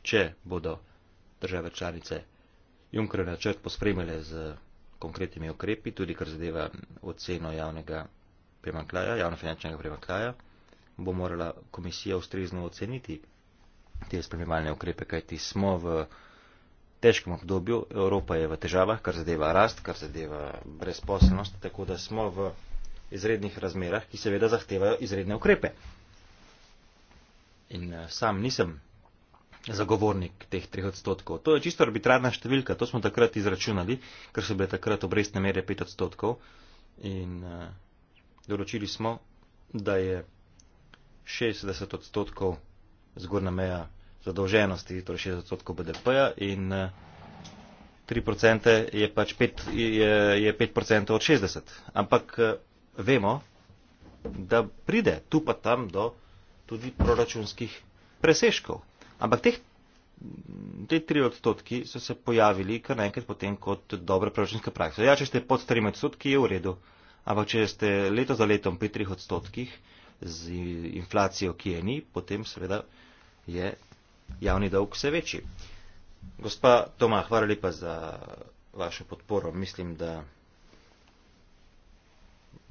če bodo države članice Junkrov načrt pospremile z konkretnimi ukrepi, tudi kar zadeva oceno javnega premaklaja, javnofinančnega premaklaja, bo morala komisija ustrezno oceniti te spremljevalne ukrepe, kajti smo v težkem obdobju, Evropa je v težavah, kar zadeva rast, kar zadeva brezposelnost, tako da smo v izrednih razmerah, ki seveda zahtevajo izredne ukrepe. In eh, sam nisem zagovornik teh 3 odstotkov. To je čisto arbitrarna številka, to smo takrat izračunali, ker so bile takrat obrestne mere 5 odstotkov in uh, določili smo, da je 60 odstotkov zgornja meja zadolženosti, torej 60 odstotkov BDP-ja in uh, eh, 3% je pač 5, je, je 5% od 60. Ampak uh, vemo, da pride tu pa tam do tudi proračunskih preseškov. Ampak teh, te tri odstotki so se pojavili kar naenkrat potem kot dobra proračunska praksa. Ja, če ste pod tremi odstotki, je v redu. Ampak če ste leto za letom pri trih odstotkih z inflacijo, ki je ni, potem seveda je javni dolg vse večji. Gospa Toma, hvala lepa za vašo podporo. Mislim, da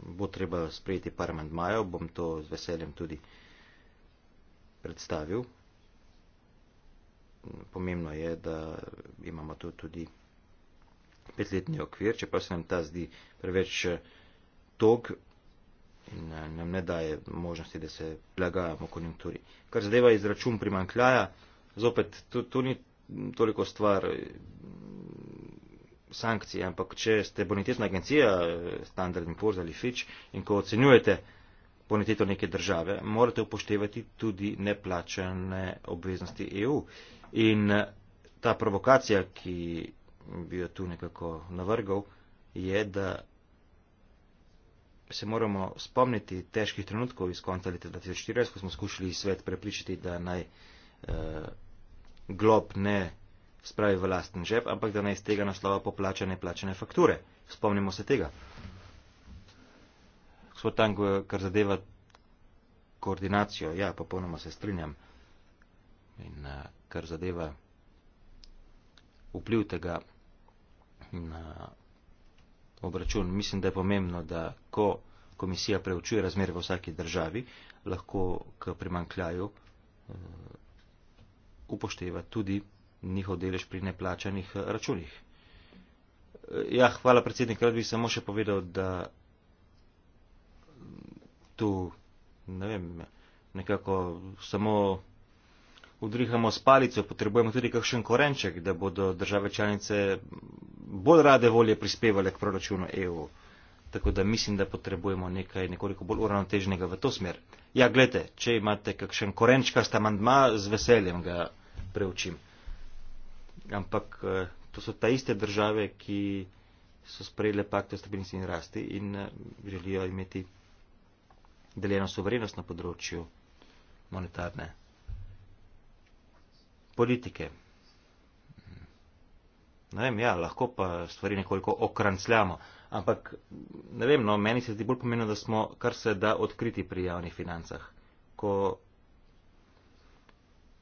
bo treba sprejeti par mandmajev, bom to z veseljem tudi predstavil pomembno je, da imamo tu tudi petletni okvir, čeprav se nam ta zdi preveč eh, tog in eh, nam ne daje možnosti, da se prilagajamo konjunkturi. Kar zadeva izračun primankljaja, zopet tu, tu ni toliko stvar eh, sankcij, ampak če ste bonitetna agencija, Standard Poor's ali Fitch, in ko ocenjujete, boniteto neke države, morate upoštevati tudi neplačane obveznosti EU. In ta provokacija, ki bi jo tu nekako navrgal, je, da se moramo spomniti težkih trenutkov iz konca leta 2014, ko smo skušali svet prepričati, da naj eh, glob ne spravi v lasten žep, ampak da naj iz tega naslova poplača neplačane fakture. Spomnimo se tega gospod Tang, kar zadeva koordinacijo, ja, popolnoma se strinjam. In eh, kar zadeva vpliv tega na obračun, mislim, da je pomembno, da ko komisija preučuje razmere v vsaki državi, lahko k primankljaju eh, upošteva tudi njihov delež pri neplačanih eh, računih. Ja, hvala predsednik, rad bi samo še povedal, da tu ne vem, nekako samo udrihamo s palico, potrebujemo tudi kakšen korenček, da bodo države članice bolj rade volje prispevale k proračunu EU. Tako da mislim, da potrebujemo nekaj nekoliko bolj uravnoteženega v to smer. Ja, gledajte, če imate kakšen korenčkast amandma, z veseljem ga preučim. Ampak eh, to so ta iste države, ki so sprejele pakt o stabilnosti in rasti in eh, želijo imeti deljeno soverenost na področju monetarne politike. Ne vem, ja, lahko pa stvari nekoliko okrancljamo, ampak ne vem, no, meni se zdi bolj pomembno, da smo kar se da odkriti pri javnih financah. Ko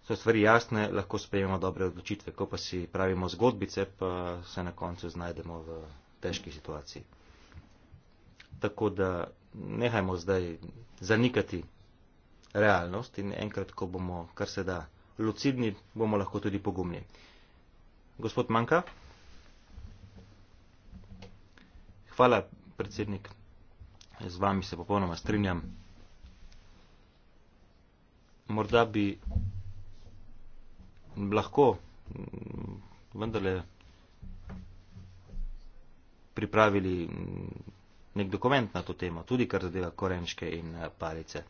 so stvari jasne, lahko sprejemamo dobre odločitve, ko pa si pravimo zgodbice, pa se na koncu znajdemo v težki situaciji. Tako da nehajmo zdaj zanikati realnost in enkrat, ko bomo kar se da lucidni, bomo lahko tudi pogumni. Gospod Manka. Hvala, predsednik. Z vami se popolnoma strinjam. Morda bi lahko vendarle pripravili nek dokument na to temo, tudi kar zadeva korenčke in eh, palice.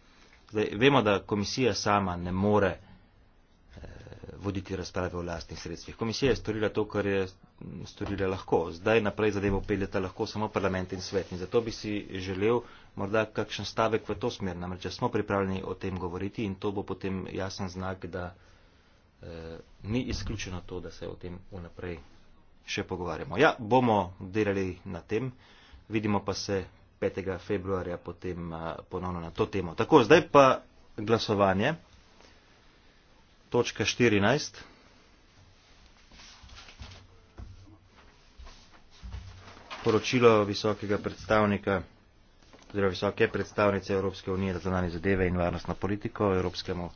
Zdaj, vemo, da komisija sama ne more eh, voditi razprave o lastnih sredstvih. Komisija je storila to, kar je storila lahko. Zdaj naprej zadevo peljeta lahko samo parlament in svet. In zato bi si želel morda kakšen stavek v to smer. Namreč, smo pripravljeni o tem govoriti in to bo potem jasen znak, da eh, ni izključeno to, da se o tem vnaprej še pogovarjamo. Ja, bomo delali na tem vidimo pa se 5. februarja potem eh, ponovno na to temo. Tako, zdaj pa glasovanje. Točka 14. Poročilo visokega predstavnika oziroma visoke predstavnice Evropske unije za zunanje zadeve in varnostno politiko Evropskemu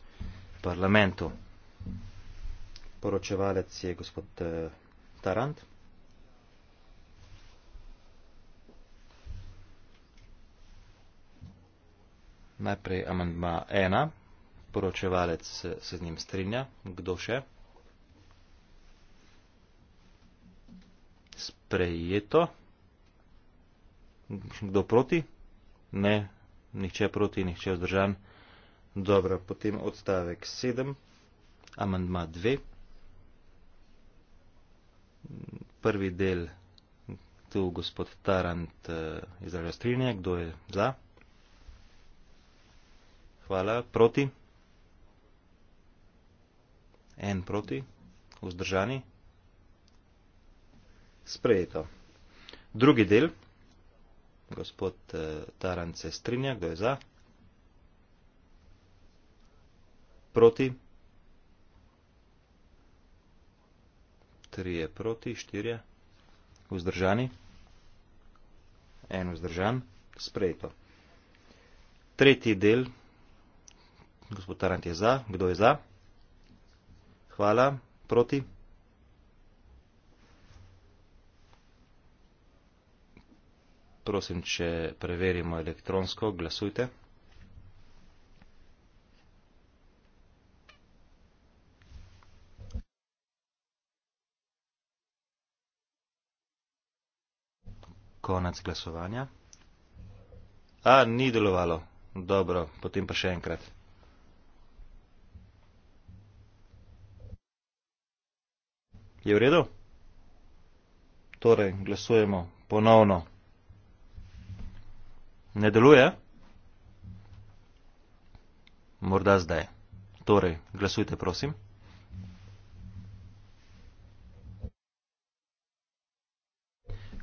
parlamentu. Poročevalec je gospod eh, Tarant. Najprej amandma ena, poročevalec se, se z njim strinja, kdo še? Sprejeto. Kdo proti? Ne, nihče proti, nihče vzdržan. Dobro, potem odstavek sedem, amandma dve. Prvi del, tu gospod Tarant eh, izraža strinje, kdo je za? Hvala. Proti? En proti? Vzdržani? Sprejeto. Drugi del. Gospod eh, Taran se strinja, kdo je za? Proti? Tri je proti, štiri je. Vzdržani? En vzdržan. Sprejeto. Tretji del. Tretji del. Gospod Tarant je za. Kdo je za? Hvala. Proti? Prosim, če preverimo elektronsko, glasujte. Konec glasovanja. A, ni delovalo. Dobro, potem pa še enkrat. Je v redu? Torej, glasujemo ponovno. Ne deluje? Morda zdaj. Torej, glasujte, prosim.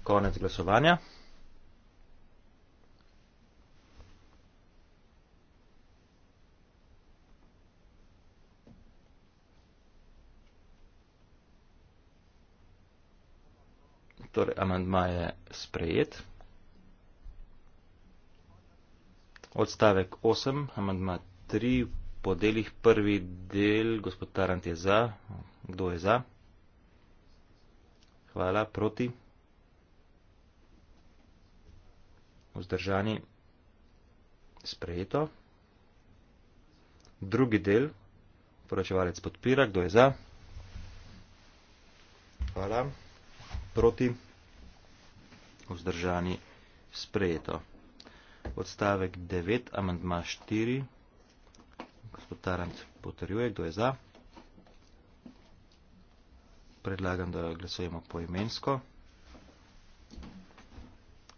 Konec glasovanja. torej amandma je sprejet. Odstavek 8, amandma 3, po delih prvi del, gospod Tarant je za, kdo je za? Hvala, proti? Vzdržani? Sprejeto. Drugi del, poročevalec podpira, kdo je za? Hvala proti, vzdržani sprejeto. Odstavek 9, amandma 4, gospod Tarant potrjuje, kdo je za. Predlagam, da glasujemo poimensko.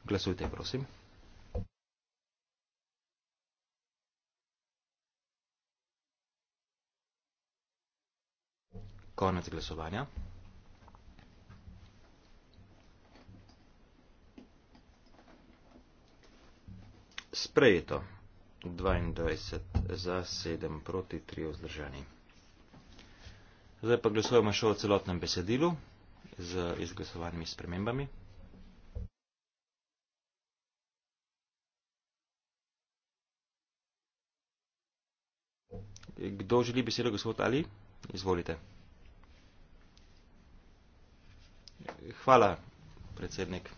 Glasujte, prosim. Konec glasovanja. sprejeto. 22 za 7 proti 3 vzdržani. Zdaj pa glasujemo še o celotnem besedilu z izglasovanimi spremembami. Kdo želi besedo, gospod Ali? Izvolite. Hvala, predsednik.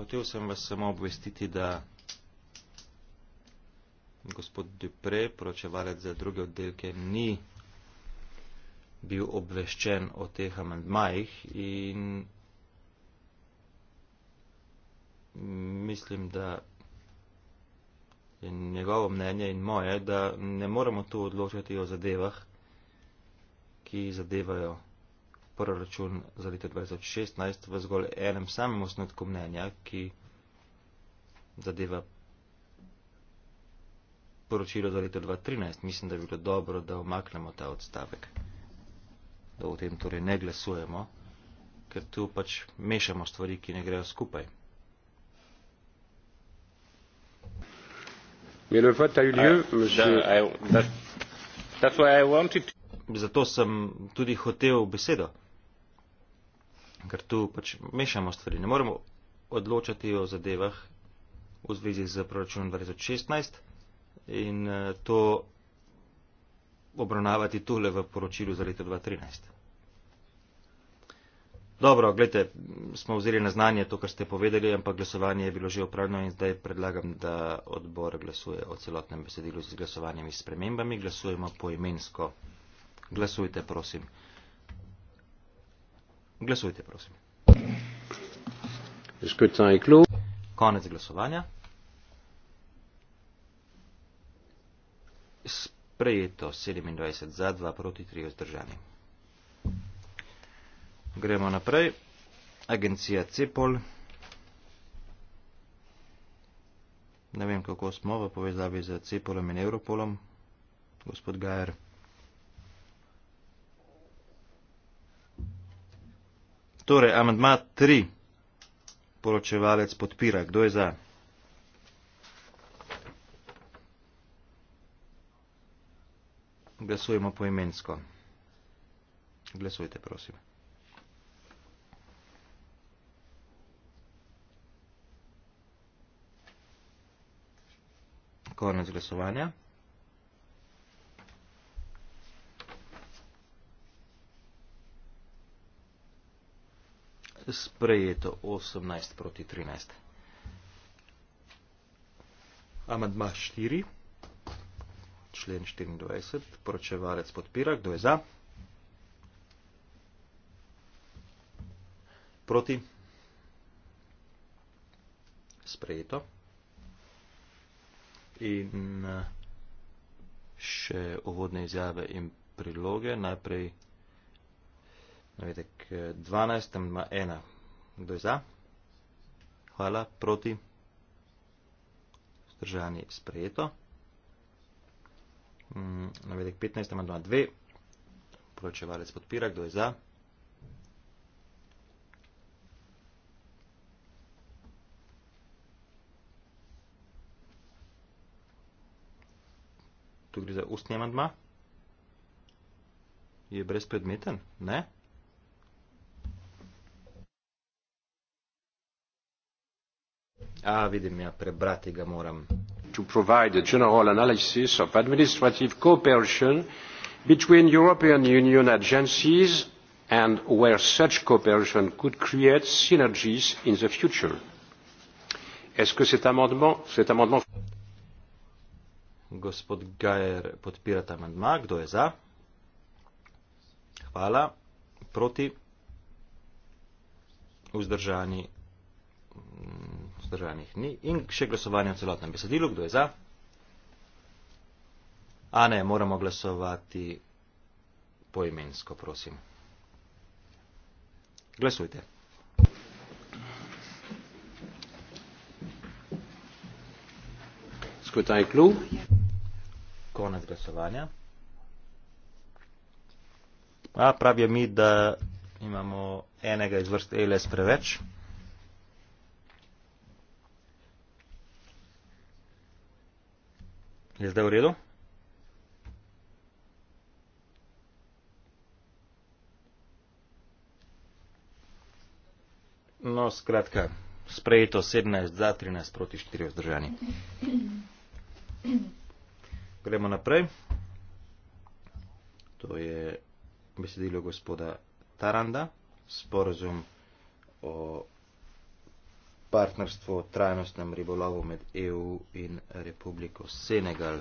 Hotel sem vas samo obvestiti, da gospod Dupre, poročevalec za druge oddelke, ni bil obveščen o teh amendmajih in mislim, da je njegovo mnenje in moje, da ne moramo tu odločati o zadevah, ki zadevajo proračun za leto 2016 v zgolj enem samem osnotku mnenja, ki zadeva poročilo za leto 2013. Mislim, da bi bilo dobro, da omaknemo ta odstavek, da o tem torej ne glasujemo, ker tu pač mešamo stvari, ki ne grejo skupaj. Ah, Zato sem tudi hotel besedo, ker tu pač mešamo stvari. Ne moremo odločati o zadevah v zvezi z proračunom 2016 in eh, to obravnavati tole v poročilu za leto 2013. Dobro, gledajte, smo vzeli na znanje to, kar ste povedali, ampak glasovanje je bilo že opravljeno in zdaj predlagam, da odbor glasuje o celotnem besedilu z glasovanjem in spremembami. Glasujemo poimensko. Glasujte, prosim. Glasujte, prosim. Konec glasovanja. sprejeto 27 za 2 proti 3 vzdržani. Gremo naprej. Agencija Cepol. Ne vem, kako smo v povezavi z Cepolom in Europolom. Gospod Gajer. Torej, amadma 3. Poročevalec podpira. Kdo je za? Kdo je za? glasujemo poimensko. Glasujte, prosim. Konec glasovanja. Sprejeto 18 proti 13. Amadma 4 člen 24. Poročevalec podpira, kdo je za? Proti? Sprejeto. In še uvodne izjave in priloge. Najprej navedek 12, tam ima 1. Kdo je za? Hvala, proti. Zdržani sprejeto. Mm, navedek 15, amandma 2. Poročevalec podpira, kdo je za. Tu gre za ustni amandma. Je brezpredmeten? Ne. A, vidim, ja, prebrati ga moram to provide a general analysis of administrative cooperation between European Union agencies and where such cooperation could create synergies in the future. Est-ce que cet amendement, cet amendement... Gospod Gajer podpira ta amandma. Kdo je za? Hvala. Proti? Vzdržani? vzdržanih ni. In še glasovanje o celotnem besedilu, kdo je za? A ne, moramo glasovati poimensko, prosim. Glasujte. Skutaj klub. Konec glasovanja. A pravijo mi, da imamo enega iz vrst ELS preveč. je zdaj v redu? No, skratka, sprejeto 17 za, 13 proti 4 vzdržani. Gremo naprej. To je besedilo gospoda Taranda, sporozum o partnerstvo o trajnostnem ribolovu med EU in Republiko Senegal.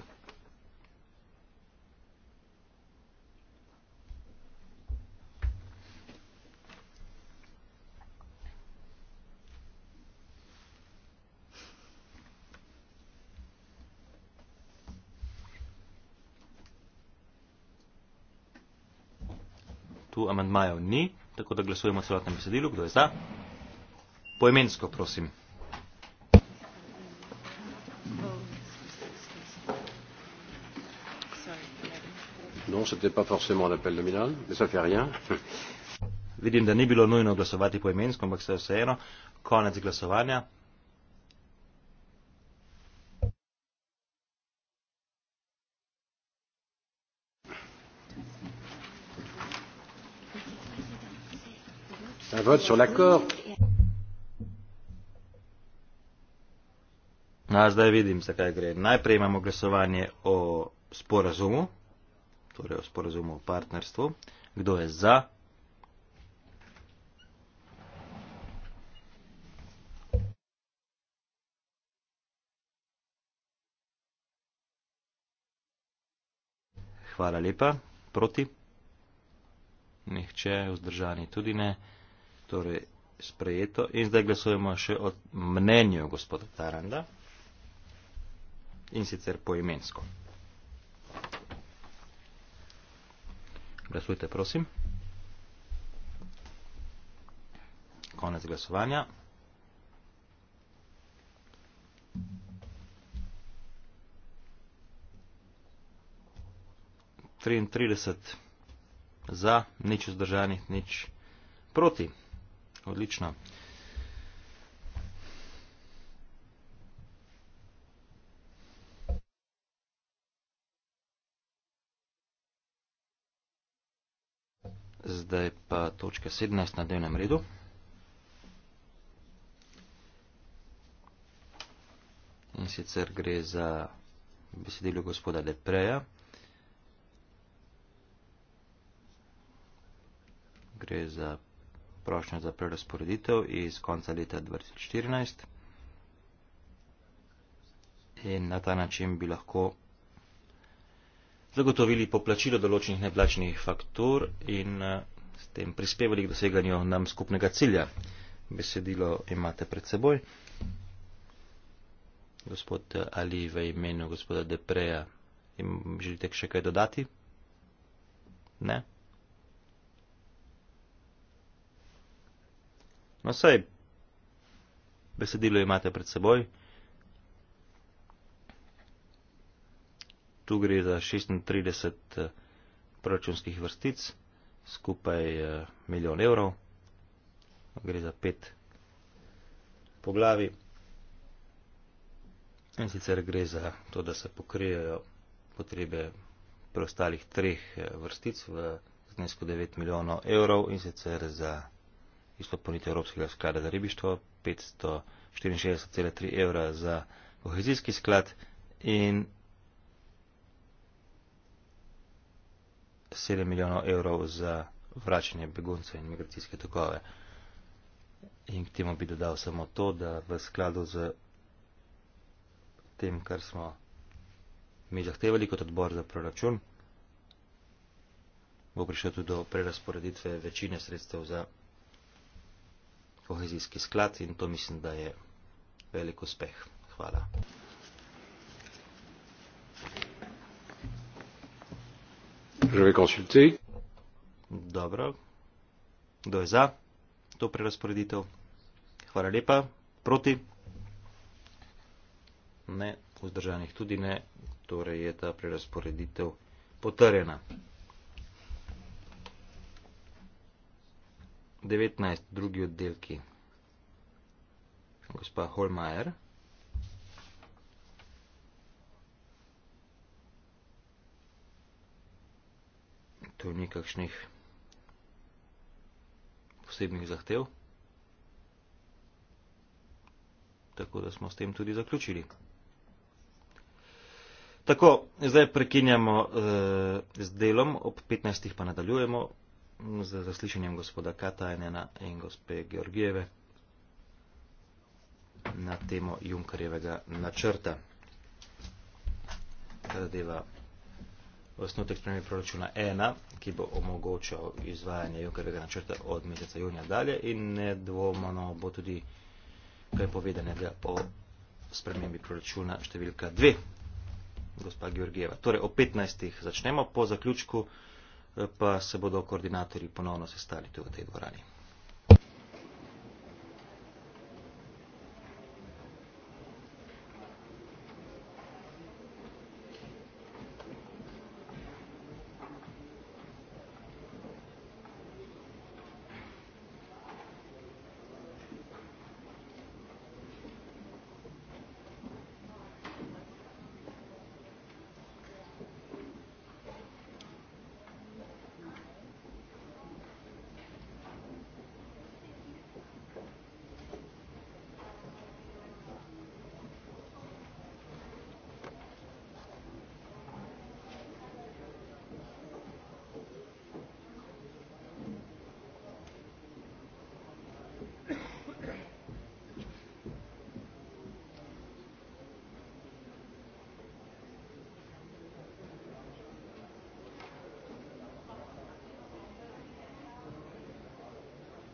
Tu amandmajev ni, tako da glasujemo celotnem besedilu. Kdo je za? poimensko prosim. Non, c'était pas forcément l'appel nominal, mais ça fait rien. Vidim, da ni bilo nujno glasovati po imensko, ampak se vseeno, konec glasovanja. Un vote sur l'accord. No, zdaj vidim, zakaj gre. Najprej imamo glasovanje o sporazumu, torej o sporazumu o partnerstvu. Kdo je za? Hvala lepa. Proti? Nihče, vzdržani tudi ne. Torej, sprejeto. In zdaj glasujemo še o mnenju gospoda Taranda in sicer poimensko. Glasujte, prosim. Konec glasovanja. trideset za, nič vzdržanih, nič proti. Odlično. Zdaj pa točka 17 na dnevnem redu. In sicer gre za besedilo gospoda Lepreja. Gre za prošnjo za prerasporeditev iz konca leta 2014. In na ta način bi lahko zagotovili poplačilo določenih neplačenih faktur in eh, s tem prispevali k doseganju nam skupnega cilja. Besedilo imate pred seboj. Gospod eh, Ali v imenu gospoda Depreja, im, želite še kaj dodati? Ne? No, saj, besedilo imate pred seboj. tu gre za 36 eh, proračunskih vrstic, skupaj eh, milijon evrov, gre za pet poglavi. In sicer gre za to, da se pokrijejo potrebe preostalih treh eh, vrstic v znesku 9 milijonov evrov in sicer za izpolnitev Evropskega sklada za ribištvo 564,3 evra za kohezijski sklad in 7 milijonov evrov za vračanje begunce in migracijske tokove. In k temu bi dodal samo to, da v skladu z tem, kar smo mi zahtevali kot odbor za proračun, bo prišel tudi do prerasporeditve večine sredstev za kohezijski sklad in to mislim, da je velik uspeh. Hvala. je vais consulter. Dobro. Kdo je za to prerasporeditev? Hvala lepa. Proti? Ne, vzdržanih tudi ne. Torej je ta prerasporeditev potrjena. 19. drugi oddelki. Gospa Holmajer. tu ni kakšnih posebnih zahtev. Tako da smo s tem tudi zaključili. Tako, zdaj prekinjamo eh, z delom, ob 15. pa nadaljujemo z zaslišanjem gospoda Katajnena in gospe Georgijeve na temo Junkarjevega načrta. Zadeva osnotek spremljiv proračuna 1, ki bo omogočal izvajanje Junkerjega načrta od meseca junija dalje in nedvomano bo tudi kaj povedanega o spremembi proračuna številka 2, gospa Georgijeva. Torej, o 15. začnemo, po zaključku eh, pa se bodo koordinatorji ponovno sestali tudi v tej dvorani.